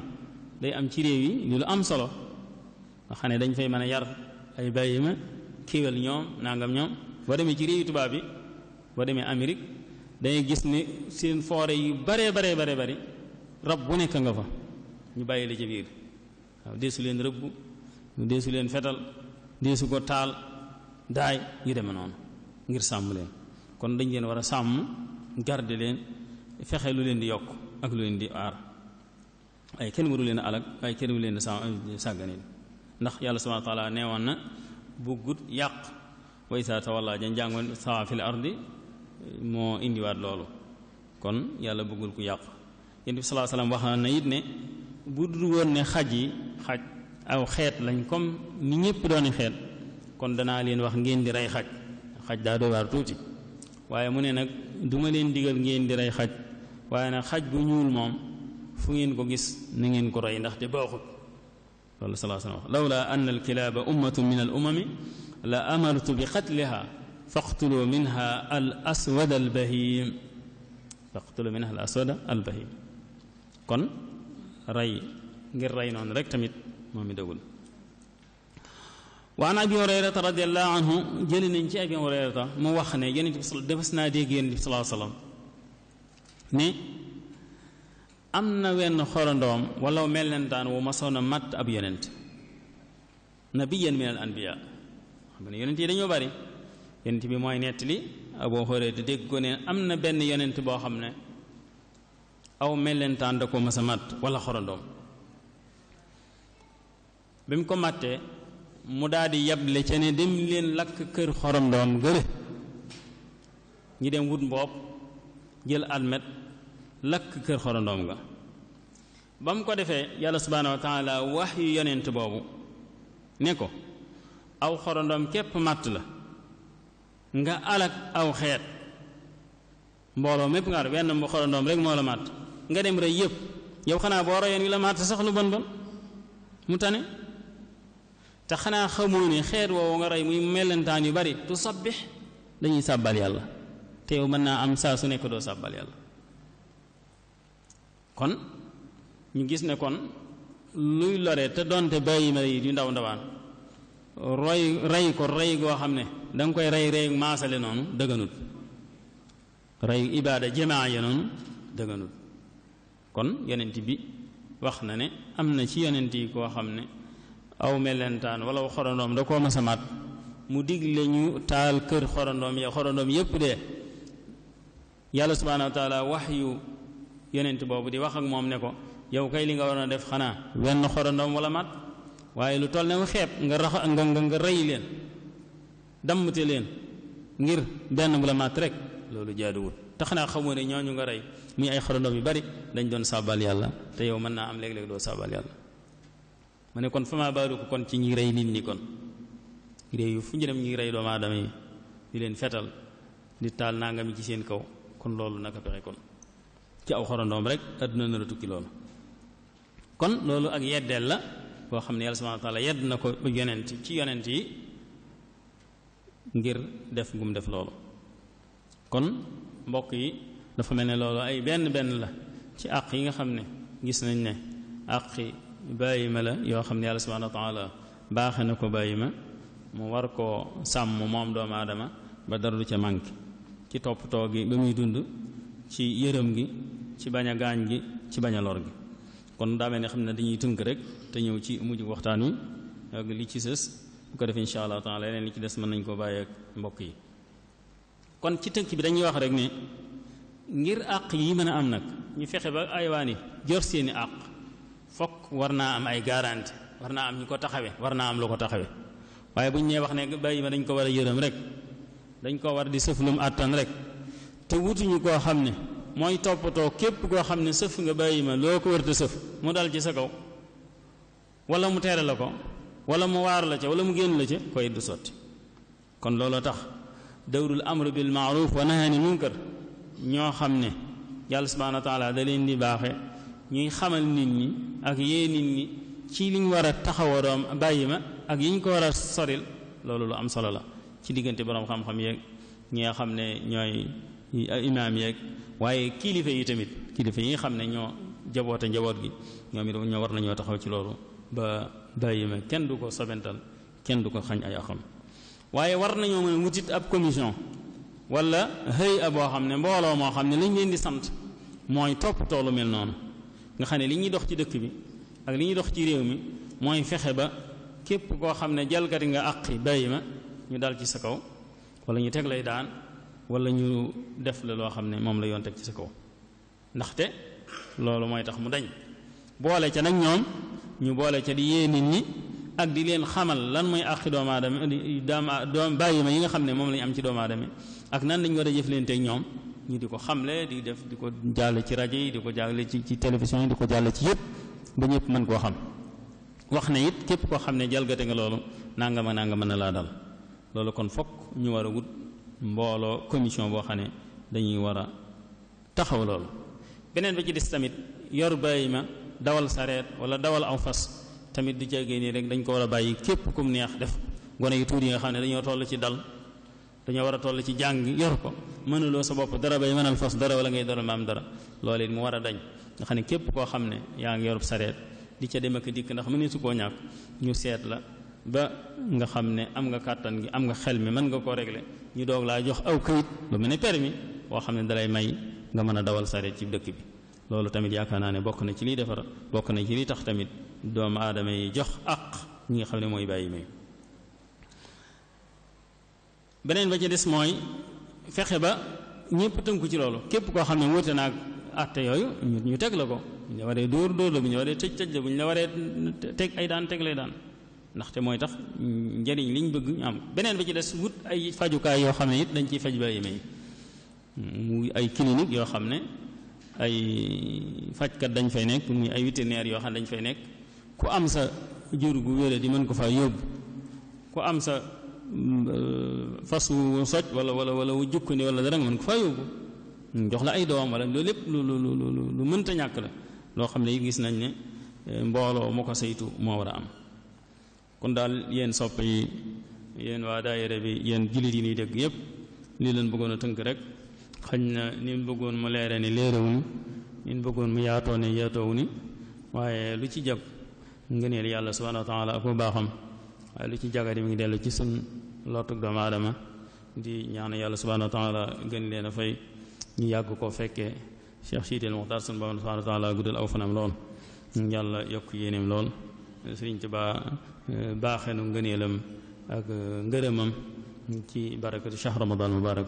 day am ci réew yi li lu am solo nga xam dañ fay mën yar ay bayima kiwel ñom nangam ñom boo demee ci réew yi tubaab bi boo demee Amérique day gis ni seen foore yu bare bare bare bare rab bu ka nga fa ñu bàyyi la ca biir waaw deesu leen rëbb deesu leen fetal deesu ko taal daay yu demee noonu ngir sàmm leen kon dañ leen war a sàmm garde leen fexe lu leen di yokk ak lu leen di aar ay kenn waru leen alak ay kenn waru leen sàggane ndax yàlla subhaanahu wa taala neewoon na buggut yàq wa isaa tawalla jan jàngoon sawa fil ardi moo indiwaat loolu kon yàlla bëggul ku yàq yonent bi sallallahu alayhi wax na it ne bu dul woon ne xaj yi xaj aw xet lañ comme ni ñëpp doone xet kon dana leen wax ngeen di ray xaj xaj da do war tuuti waye mu ne nak duma leen digal ngeen di ray xaj waye nag xaj bu ñuul mom fu ngeen ko gis na ngeen ko rey ndaxte baaxut loolu sallallahu alaihi wasallam lawla an al kilaba ummatun min al umam la amartu bi qatlaha faqtulu minha al aswad al bahim faqtulu minha al aswad al bahim kon rey ngir rey noonu rek tamit moom mi dëggul wa an abi hurayrata radiallahu anhu jëli nañ ci abi hurayrata mu wax ne yonent bi defas naa dégg yonent bi sallallahu alayhi am na wenn xorandoom wala mellentaan wu ma a matt ab yonent nabiyyan min al yi dañoo bari yonent bi mooy nettali Abu Hurayra dégg ko ne am na benn yonent boo xam ne aw mellentaan da ko masa màtt wala xorandoom bi mu ko màttee mu daldi yable ca ne dem leen lakk kër xorandoom gële ñi dem wut mboob jël almet lakk kër xorandoom nga ba mu ko defee yàlla subhaanahu wa taala wax yu yonent boobu ne ko aw xorandoom képp màtt la nga alak aw xeet mbooloo mépp nga wenn xorandoom rek moo la màtt nga dem rey yëpp yow xanaa boo reyoon wi la maata sax lu bon bon mu tane te xanaa xamoo ne xeet woowu nga rey muy mellentaan yu bari tu sabbix dañuy sàbbal yàlla te yow mën naa am saa su nekk doo sàbbal yàlla kon ñu gis ne kon luy lore te donte bàyyi ma yi yu ndaw ndawaan roy rey ko rey goo xam ne danga koy rey rey maasale noonu dëgganut rey ibaada jamaa ya noonu kon yonent bi wax na ne am na ci yonent yi koo xam ne aw melentaan wala xorandoom da koo masamaat mu digle ñu taal kër xorandoom ya xorandoom yépp de yàlla subhaanahu wa wax yu yonent boobu di wax ak moom ne ko yow kay li nga waroon a def xanaa wenn xorandoom wala mat waaye lu toll ne xeeb nga rax nga nga rey leen dammte leen ngir benn bu la mat rek loolu jaaduwul te xanaa xamoo ne ñooñu nga rey muy ay xorondom yu bari dañ doon sabbal yalla te yow man na am leg leg do sabbal yalla mané kon fama baaru ko kon ci ñi reey nit ni kon reey yu fuñu dem ñi reey do ma adamay di len fetal di taal nangami ci seen kaw kon loolu naka pexé kon ci aw xorondom rek aduna na tukki loolu kon loolu ak yeddel la bo xam yalla subhanahu wa taala yedd nako bu yonenti ci yonenti ngir def ngum def loolu kon mbok yi dafa mel ne loolu ay benn benn la ci àq yi nga xam ne gis nañ ne àqi bàyyi ma la yoo xam ne yàlla subhanahu wa taala baaxe na ko bàyyi ma mu war ko sàmm moom doomu aadama ba dara du ca manqué ci toppatoo gi ba muy dund ci yërëm gi ci bañ a gaañ gi ci bañ a lor gi kon daa mel ne xam ne dañuy tënk rek te ñëw ci mujj waxtaan wi ak li ci sës bu ko def insha allah taala yeneen li ci des mën nañ koo bàyyi ak mbokk yi kon ci tënk bi dañuy wax rek ne ngir àq yi mën a am nag ñu fexe ba ayawaan yi jor seeni àq fokk war naa am ay garanti war naa am ñu ko taxawe war naa am lu ko taxawe waaye buñ ñu nee wax ne bay ma dañ ko war a yërëm rek dañ ko war di sëf lu mu àttan rek te wutuñu koo xam ne mooy toppatoo képp koo xam ne sëf nga bàyyi ma loo ko wërta sëf mu dal ci sa kaw wala mu teere la ko wala mu waar la ca wala mu génn la ca koy du sotti kon looloo tax dawrul amru bil maaruf wa nahaani munkar ñoo xam ne yàlla subhaanahu wa taala da leen di baaxe ñuy xamal nit ñi ak yee nit ñi ci liñ war a taxawa doom bàyyi ma ak yiñ ko war a soril loolu lu am solo la ci diggante boroom xam-xam yeeg ñi nga xam ne ñooy imaam yeeg waaye kilifa yi tamit kilifa yi xam ne ñoo jaboote njaboot gi ñoom it ñoo war nañoo taxaw ci loolu ba bàyyi ma kenn du ko sobental kenn du ko xañ ay axam waaye war nañoo mën a wutit ab commission wala hëy boo xam ne mbooloo moo xam ne liñ leen di sant mooy topp toolu mel noonu nga xam ne li ñuy dox ci dëkk bi ak li ñuy dox ci réew mi mooy fexe ba képp koo xam ne jalgati nga àqi bàyyi ma ñu dal ci sa kaw wala ñu teg lay daan wala ñu def la loo xam ne moom la yoon teg ci sa kaw ndaxte loolu mooy tax mu dañ boole ca nag ñoom ñu boole ca di yee nit ñi ak di leen xamal lan mooy àqi doomu aadama doom bàyyi ma yi nga xam ne moom la ñu am ci doomu aadama ak nan lañ war a jëflanteeg ñoom ñu di ko xamle di def di ko jàll ci rajo yi di ko jàll ci ci télévision yi di ko jàll ci yëpp ba ñëpp mën koo xam wax na it képp koo xam ne jalgate nga loolu nanga nangama na laa dal loolu kon fokk ñu war a wut mbooloo commission boo xam ne dañuy war a taxaw loolu. beneen bi ci des tamit yor bàyyi ma dawal sareet wala dawal aw fas tamit du jege nii rek dañ ko war a bàyyi képp kum neex def gone yu tuuti nga xam dañoo toll dal. dañu wara toll ci jàng yor ko mënuloo sa bop dara bay manal fas dara wala ngay dara mam dara lolé mu wara dañ nga xam kep ko xamne ya nga yor saret di ca dem ak dikk ndax mané su ko ñak ñu sét la ba nga xamne am nga kàttan gi am nga xel mi mën nga ko régler ñu dog la jox aw kayit lu mel permis boo xamne ne dalay may nga mëna dawal saret ci dëkk bi lolou tamit yaakaar naa ne bokk na ci li defar bok na ci li tax tamit doom adamay jox aq ñi xamne moy ne bàyyi may beneen ba ci des mooy fexe ba ñëpp tënku ci loolu képp koo xam ne wuute naag atte yooyu ñu teg la ko bu ñu la waree dóor dóor la bu ñu la tëj tëj la bu ñu la waree teg ay daan teg lay daan ndaxte mooy tax njariñ liñ bëgg ñu am beneen ba ci des wut ay fajukaay yoo xam ne it dañ ciy faj ba yéeme yi ay clinique yoo xam ne ay fajkat dañ fay nekk muy ay vétérinaire yoo xam ne dañ fay nekk ku am sa jur gu wére di mën ko faa yóbbu ku am sa fas wu soj wala wala wala wu jukku ni wala dara nga mën ko faa yóbbu jox la ay doom wala loolu lépp lu lu lu mënta ñàkk la loo xam ne yi gis nañ ne eh, mbooloo mu ko saytu moo war a am kon daal yéen sopp yi yéen waa yére bi yéen jullit yi ñuy dégg yépp li leen bëggoon a tënk rek xañ na ni bëggoon mu leere ni léerewu ni ni mu bëggoon mu yaatoo ne yaatoowu ni waaye lu ci jàpp ngëneel yàlla subhaanahu wa taala ak baaxam waaye lu ci jagari mi ngi dellu ci suñ lottuk doomu aadama di ñaan yàlla subhaanahu wa taala gën leen fay ñu yàgg koo fekkee Cheikh Siidil Muxtaar suñ borom subhaanahu wa taala guddal aw fanam lool yàlla yokk yéeneem lool Sëriñ Tuubaa euh, baaxee nu ngëneelam ak euh, ngërëmam ci barakatu shahr ramadan mubarak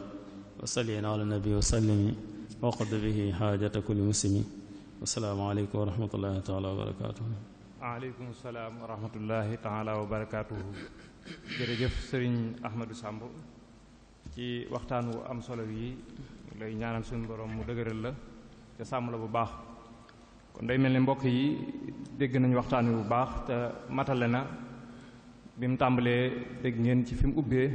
wa salli ala nabi wa sallimi waqad bihi xaajata kulli muslimi wassalaamu aleykum wa rahmatullahi taala aleykum salaam wa rahmatullahi taala wa barakaatuhu jërëjëf sëriñ Ahmadou Samb ci waxtaan wu am solo yi lay ñaanal suñ borom mu dëgëral la te sàmm la bu baax kon day mel ni mbokk yi dégg nañu waxtaan wi bu baax te matale na bi mu tàmbalee dégg ngeen ci fi mu ubbee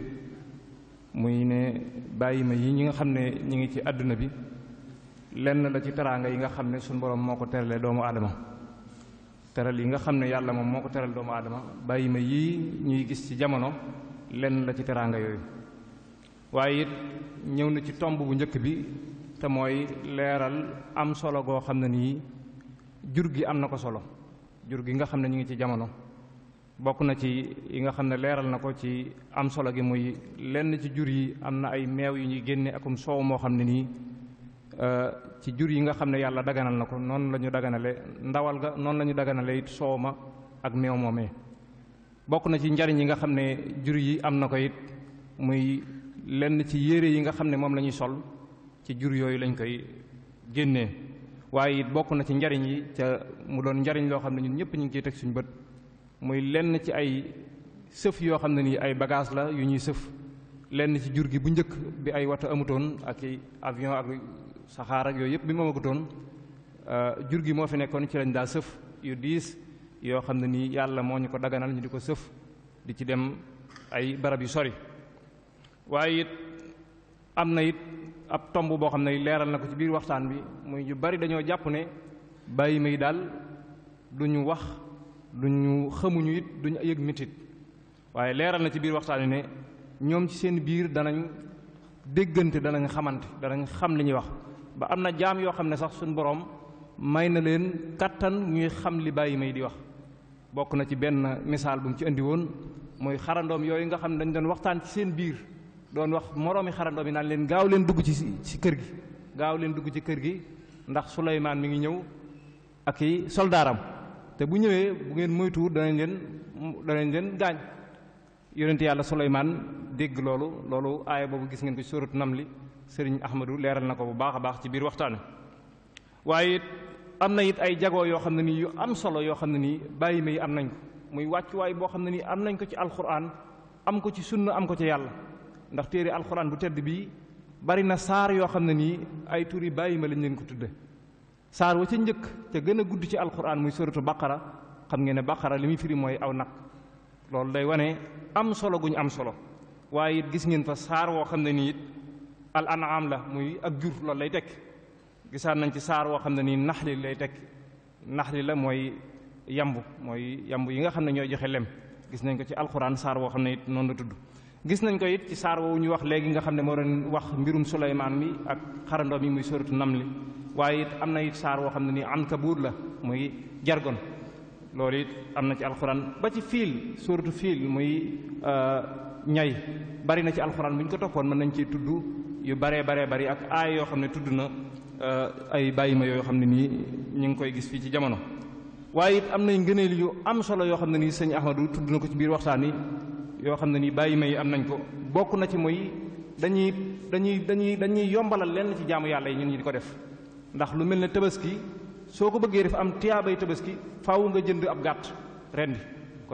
muy ne bàyyi ma yi ñu nga xam ne ñu ngi ci àdduna bi lenn la ci teraanga yi nga xam ne suñu borom moo ko terale doomu aadama teral yi nga xam ne yàlla moom moo ko teral doomu aadama bàyyi ma yii ñuy gis ci jamono lenn la ci teraanga yooyu waaye it ñëw na ci tomb bu njëkk bi te mooy leeral am solo goo xam ne nii jur gi am na ko solo jur gi nga xam ne ñu ngi ci jamono bokk na ci yi nga xam ne leeral na ko ci am solo gi muy lenn ci jur yi am na ay meew yu ñuy génne akum soow moo xam ne nii Euh, ci jur yi nga xam ne yàlla daganal na ko noonu la daganale ndawal ga noonu lañu daganale it soow ma ak meew moomee bokk na ci njariñ yi nga xam ne jur yi am na koy muy lenn ci yére yi nga xam ne moom la ñuy sol ci jur yooyu lañ koy génnee waaye it bokk na ci njariñ yi ca mu doon njariñ loo xam ne ñun ñëpp ñu ngi ciy teg suñu bët muy lenn ci ay sëf yoo xam ne nii ay bagage la yu ñuy sëf lenn ci jur gi bu njëkk bi ay wata amutoon ak avion ak Sahara ak yoy yep bima ma magutoon euh, jur gi mo fi nekkoon ci lañ da seuf yu dis yo xamna ni yalla yàlla ko daganal ñu di seuf di ci dem ay barab yu sori waye it am it ab tombu bo xamna leral nako na ci biir waxtaan bi muy yu bari dañoo japp ne bàyyi may dal duñu wax duñu xamuñu it duñu yëg mitit waye leral na ci biir waxtaan ne ci seen biir danañ deggante danañ xamante danañ xam li wax ba am na jaam yoo xam ne sax suñu boroom may na leen kattan ñuy xam li bàyyi may di wax bokk na ci benn misaal bu mu ci indi woon mooy xarandoom yooyu nga xam ne dañ doon waxtaan ci seen biir doon wax moroomi xarandoom yi naan leen gaaw leen dugg ci si kër gi gaaw leen dugg ci kër gi ndax Suleymaan mi ngi ñëw ak i soldaaram te bu ñëwee bu ngeen moytuwul danañ leen danañ leen gaañ yonent yàlla Suleymaan dégg loolu loolu aaya boobu gis ngeen ko ci sóoratu Namli sëriñ Ahmadou leeral na ko bu baax a baax ci biir waxtaan waaye it am na it ay jagoo yoo xam ne nii yu am solo yoo xam ne nii bàyyi ma yi am nañ ko muy wàccuwaay boo xam ne nii am nañ ko ci alxuraan am ko ci sunna am ko ci yàlla ndax téere alxuraan bu tedd bii bari na saar yoo xam ne nii ay turi bàyyi ma lañ leen ko tudde saar wa ca njëkk te gën a gudd ci alxuraan muy suratu baqara xam ngeen ne baqara li muy firi mooy aw nag loolu day wane am solo guñ am solo al anam la muy ak jur loolu lay tekki gisaan nañ ci saar woo xam ne nii naxli lay tekki naxli la mooy yamb mooy yamb yi nga xam ne ñooy joxe lem gis nañ ko ci alxuraan saar woo xam ne la tudd gis nañ ko it ci saar woowu ñu wax léegi nga xam ne doon wax mbirum suleymaan mi ak xarandoo mi muy sóoratu nam li it am it saar woo xam ne nii la muy jargon loolu it am na ci alxuraan ba ci fiil sóoratu fiil muy ñay bari na ci alxuraan bu ñu ko toppoon mën nañ ci tudd yu baree baree bari ak aay yoo xam ne tudd na eh, ay bàyyi ma yoo xam ne nii ñu ngi koy gis fii ci jamono waaye it am nañ ngëneel yu am solo yoo xam ne nii sëñ Ahmadou tudd na ko ci biir waxtaan yi yoo xam ne nii bàyyi yi am nañ ko bokk na ci mooy dañuy dañuy dañuy dañuy yombalal lenn ci jaamu yàlla yi ñun ñi di ko def ndax lu mel ne tabaski soo ko bëggee def am tiyaabay tabaski faaw nga jënd ab gàtt rendi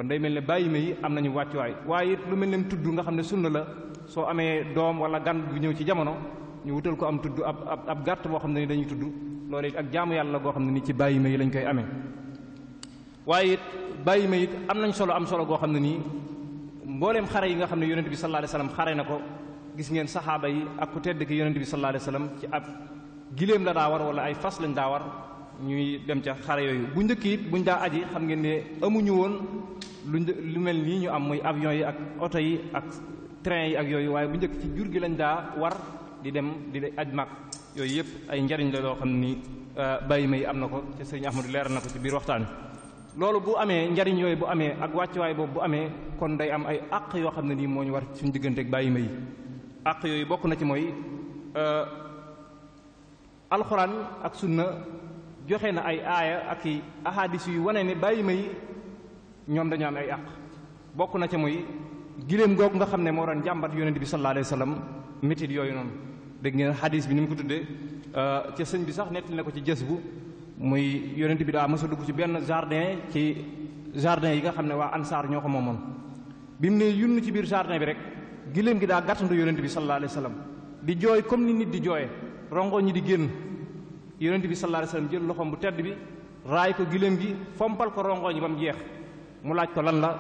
kon day mel ne bàyyima yi am nañu wàccuwaay waaye it lu mel ne tudd nga xam ne sunna la soo amee doom wala gan bu ñëw ci jamono ñu wutal ko am tudd ab ab ab gàtt boo xam ne ni dañuy tudd loolu it ak jaamu yàlla goo xam ne ni ci bàyyima yi lañ koy amee waaye it bàyyima it am nañ solo am solo goo xam ne nii mbooleem xare yi nga xam ne yonent bi sallallahu alayhi wasallam xare na ko gis ngeen saxaaba yi ak ku tedd ki yonent bi sallallahu alayhi wasallam ci ab giléem la daa war wala ay fas lañ daa war ñuy dem ca xare yooyu lu lu mel nii ñu am muy avion yi ak oto yi ak train yi ak yooyu waaye bu njëkk ci jur gi lañ daa war di dem di aj mag yooyu yëpp ay njariñ la loo xam ni euh, bàyyi may am na ko te sëñ Ahmadu leeral na ko ci biir waxtaan loolu bu amee njariñ yooyu bu amee ak wàccuwaay boobu bu amee kon day am ay àq yoo xam ne nii moo ñu war suñ diggante ak bàyyi may àq yooyu bokk na ci mooy euh, alxuraan ak sunna joxe na ay aaya ak i ahadis yu wane ne bàyyi may ñoom dañoo am ay àq bokk na ca muy giléem googu nga xam ne moo doon jàmbat yonent bi sallallahu alayhi wa sallam métit yooyu noonu dégg ngeen xadis bi ni mu ko tuddee euh, ca sëñ bi sax nettali na ko ci jës bu muy yonent bi daa mës a dugg ci benn jardin ci jardin yi nga xam ne waa ansaar ñoo ko moomoon bi mu ne yunn ci biir jardin bi rek giléem gi daa gàttandu yonent bi sallallahu alayhi wa di jooy comme ni nit di jooy rongo ñi di génn yonent bi sallallahu alayhi wa jël loxoom bu tedd bi raay giléem gi fompal ko rongo ñi ba jeex mu laaj ko lan la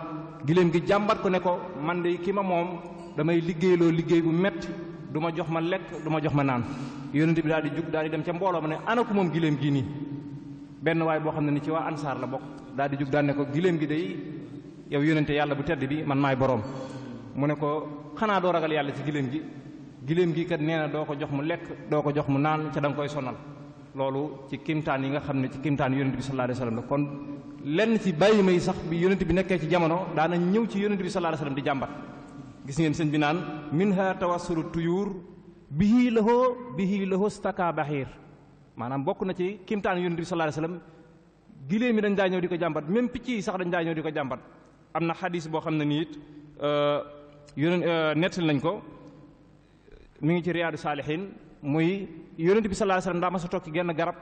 giléem gi jàmbat ko ne ko man de ki ma moom damay liggéeyloo liggéey bu metti du ma jox ma lekk du ma jox ma naan yonent bi daal di jug daal di dem ca mbooloo ma ne ana ku moom giléem gii nii benn waay boo xam ne ni ci waa ansaar la bokk daal di jug daan ne ko giléem gi dey yow yonente yàlla bu tedd bi man maay boroom mu ne ko xanaa doo ragal yàlla ci giléem gi giléem gi kat nee na doo ko jox mu lekk doo ko jox mu naan ca danga koy sonal loolu ci kimtaan yi nga xam ne ci kimtaan yonent bi sallallahu alayhi wa sallam la kon lenn ci bàyyi may sax bi yonent bi nekkee ci jamono daana ñëw ci yonent bi sallallahu alayhi di jàmbat gis ngeen sëñ bi naan minha tawassulu tuyuur bihi lahoo bihi lahoo staka baxiir maanaam bokk na ci kimtaan yonent bi sallallahu alayhi wa sallam mi dañ daa ñëw di ko jàmbat même picc yi sax dañ daa ñëw di ko jàmbat am na xadis boo xam ne niit it euh, yonent euh, nettali nañ ko mu ngi ci riyaadu saalihin muy yonent bi sallallahu alayhi wasallam daa ma sa toog ci genn garab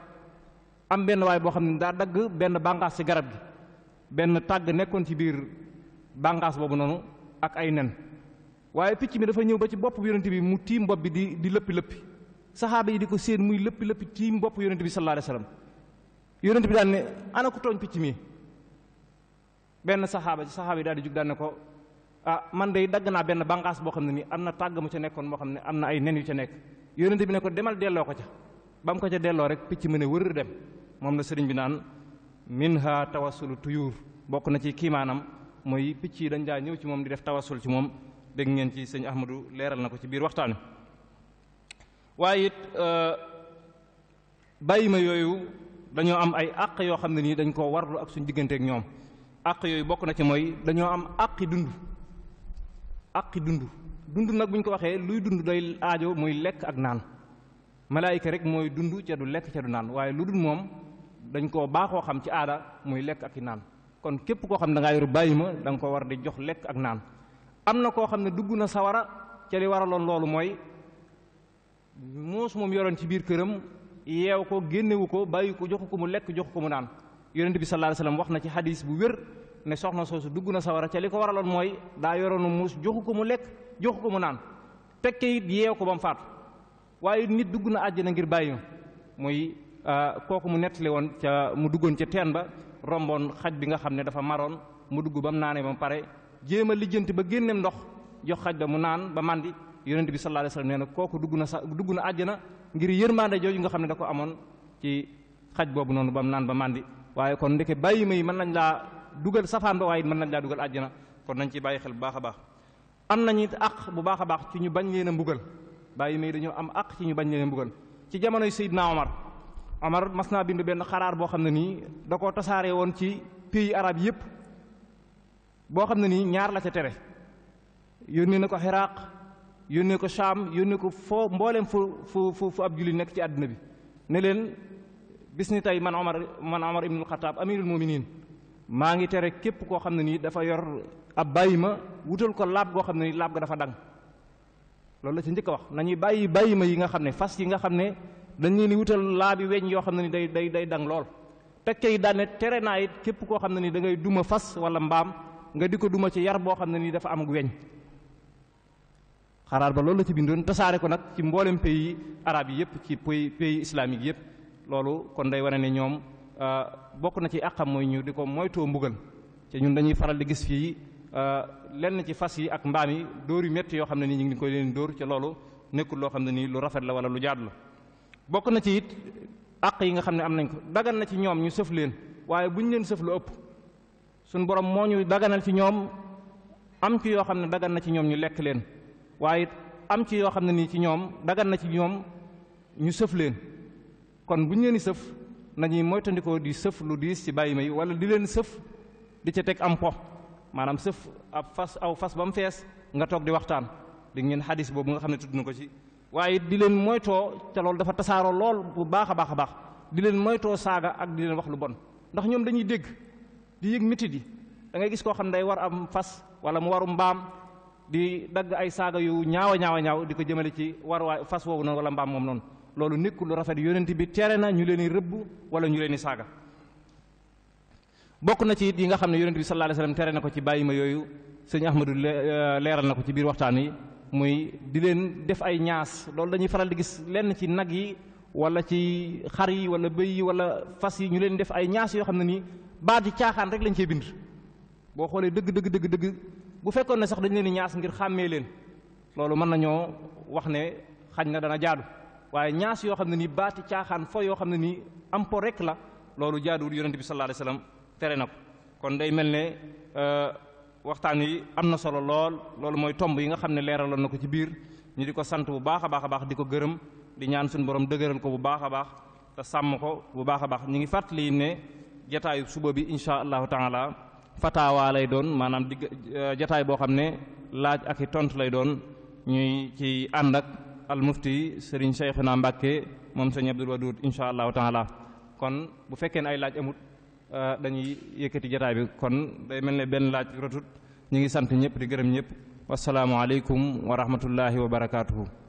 am benn waay boo xam ne daa dagg benn bànqaas ci garab gi benn tàgg nekkoon ci biir bànqaas boobu noonu ak ay nen waaye picc mi dafa ñëw ba ci bopp yonent bi mu tiim bopp bi di di lëppi lëppi saxaaba yi di ko séen muy lëppi lëppi tiim bopp yonent bi sallallahu alayhi wasallam bi daan ne mi benn saxaaba ci saxaaba yi ne ko ah man day dagg naa benn bànqaas boo xam ne nii am na tàgg mu ca nekkoon moo xam ne am na ay nen yu ca nekk yónnente bi ne ko demal delloo ko ca bam ko ca delloo rek picc mu ne wër dem moom la sëriñ bi naan minha tawasulu tuyuur bokk na ci kiimaanam mooy picc yi dañ daa ñëw ci moom di def tawasul ci moom dégg ngeen ci sëñ Ahmadu leeral na ko ci biir waxtaan waaye it euh, bàyyi ma yooyu dañoo am ay àq yoo xam ne nii dañ koo warlu ak suñu digganteek ñoom àq yooyu bokk na ci mooy dañoo am àqi dund àqi dund dund nag bu ñu ko waxee luy dund day aajo muy lekk ak naan malaayika rek mooy dund ca lekk ca du naan waaye lu dul moom dañ koo baaxoo xam ci aada muy lekk ak naan kon képp koo xam ne da bàyyi ma da nga ko war di jox lekk ak naan am na koo xam ne dugg na sawara ca waraloon loolu mooy muus moom yoroon ci biir këram yeew ko génnewu ko bàyyi ko joxu ko mu lekk joxu ko mu naan yonent bi sallallahu alayhi wasallam wax na ci xadiis bu wér ne soxna soosu dugg na sawara ca li ko waraloon mooy daa yoroonu muus joxu ko mu lekk jox ko mu naan tekke it yeew ko ba mu faatu waaye nit dugg na àjjana ngir bàyyi muy euh, kooku mu nettali woon ca mu duggoon ca teen ba romboon xaj bi nga xam ne dafa maroon mu dugg ba mu naanee ba mu pare jéem a lijjanti ba génneem ndox jox xaj ba mu naan ba màndi yonent bi sallallahu alayhi wasallam nee na kooku dugg na sax dugg na àjjana ngir yërmaande jooju nga xam ne da ko amoon ci xaj boobu noonu ba mu naan ba màndi waaye kon ndeke bàyyi ma mën nañ laa dugal safaan mën nañ laa dugal àjjana kon nañ ci bàyyi xel bu baax a baax am nañu it ak bu baax a baax ci ñu bañ leen a mbugal bàyyi may dañoo am ak ci ñu bañ leen a ci ci jamonoy naa Omar Omar mas naa bind benn xaraar boo xam ne nii da koo tasaare woon ci pays arab yépp boo xam ne nii ñaar la ca tere yónnee na ko Xiraaq yónnee ko Saam yónnee ko foo mbooleem fu fu fu ab julli nekk ci àddina bi ne leen bis ni tey man Omar man Omar ibnul Xataab amirul niin maa ngi tere képp koo xam ne nii dafa yor ab bàyyi ma wutal ko laab goo xam ne nii laab ga dafa dang loolu la ci njëkk wax nañuy bàyyi bàyyi ma yi nga xam ne fas yi nga xam ne dañ ni di wutal laabi weñ yoo xam ne ni day day day dang lool tekkee yi daane tere naa it képp koo xam ne ni dangay duma fas wala mbaam nga di ko duma ci yar boo xam ne nii dafa am weñ xaraar ba loolu la ci bindoon tasaare ko nag ci mboolem pays arab yi yëpp ci pays pays islamique yëpp loolu kon day wane ne ñoom Euh, bokk na ci akam moy ñu diko ko mbugal ci ñun dañuy faral di gis fii euh, lenn ci fas yi ak mbami door yu metti yo xamne ni ñi ngi koy leen door ci lolu nekkul lo xamne ni lu rafet la wala lu jaad la bokk na ci it ak yi nga xamne am nañ ko dagan na ci ñom ñu seuf leen waye buñu leen seuf lu upp sun borom moo ñu daganal ci ñom am ci yo xamne dagan na ci ñom ñu lek leen waye am ci yo xamne ni ci ñom dagan na ci ñom ñu seuf leen kon buñu leen seuf nañuy moytandikoo di sëf lu diis ci bàyyi may wala di leen sëf di ca teg am po maanaam sëf ab fas aw fas ba mu fees nga toog di waxtaan di ngeen xadis boobu nga xam ne tudd na ko ci waaye di leen moytoo te loolu dafa tasaaroo lool bu baax a baax a baax di leen moytoo saaga ak di leen wax lu bon ndax ñoom dañuy dégg di yëg métit yi da ngay gis koo xam ne day war am fas wala mu waru mbaam di dagg ay saaga yu ñaaw a ñaaw ñaaw di ko jëmale ci war waay fas woowu noonu wala mbaam noonu Lalu nekkul lu rafet yonenti bi tere na ñu leni walau wala ñu leni saga bokku na ci yi nga xamne yonenti bi sallallahu alayhi wasallam tere na ko ci bayima yoyu yooyu sëñ ahmadu euh, leeral na ko ci biir waxtaan yi muy di len def ay ñaas loolu dañuy faral di gis len ci nag yi wala ci xar yi wala bëy yi wala fas yi ñu leen def ay ñaas yo xamne ni ba di caaxaan rek lañ cee bind bo xolé deug deug deug deug bu fekkoon sax dañ leni ñaas ngir xamé len man nañu wax ne xagn na dana jaadu waye ñaas yo xamni ni baati caaxaan fo yo xamni ni am po rek la lolu jaadul yonente bi sallallahu alayhi wasallam tere nako kon day melne euh waxtaan yi solo lol moy tomb yi nga xamni leral nako ci bir ñu di sante bu baax diko di ñaan suñu borom degeeral ko bu baax a baax te sàmm ko bu baax a baax ñu ngi fàttali ne jotaay suba bi insha allah taala fatawa lay doon manam euh, jotaay bo xamne ne laaj ak tont lay doon ñuy ci andak al mufti sëriñ naa Mbàkke moom sëñ Abdul Wadud insha allahu taala kon bu fekkee ne ay laaj amut euh, dañuy yëkkati jataay bi kon day mel ne benn laaj rotut ñu ngi sant ñëpp di gërëm ñëpp wasalaamualeykum wa rahmatullahi wa barakaatuhu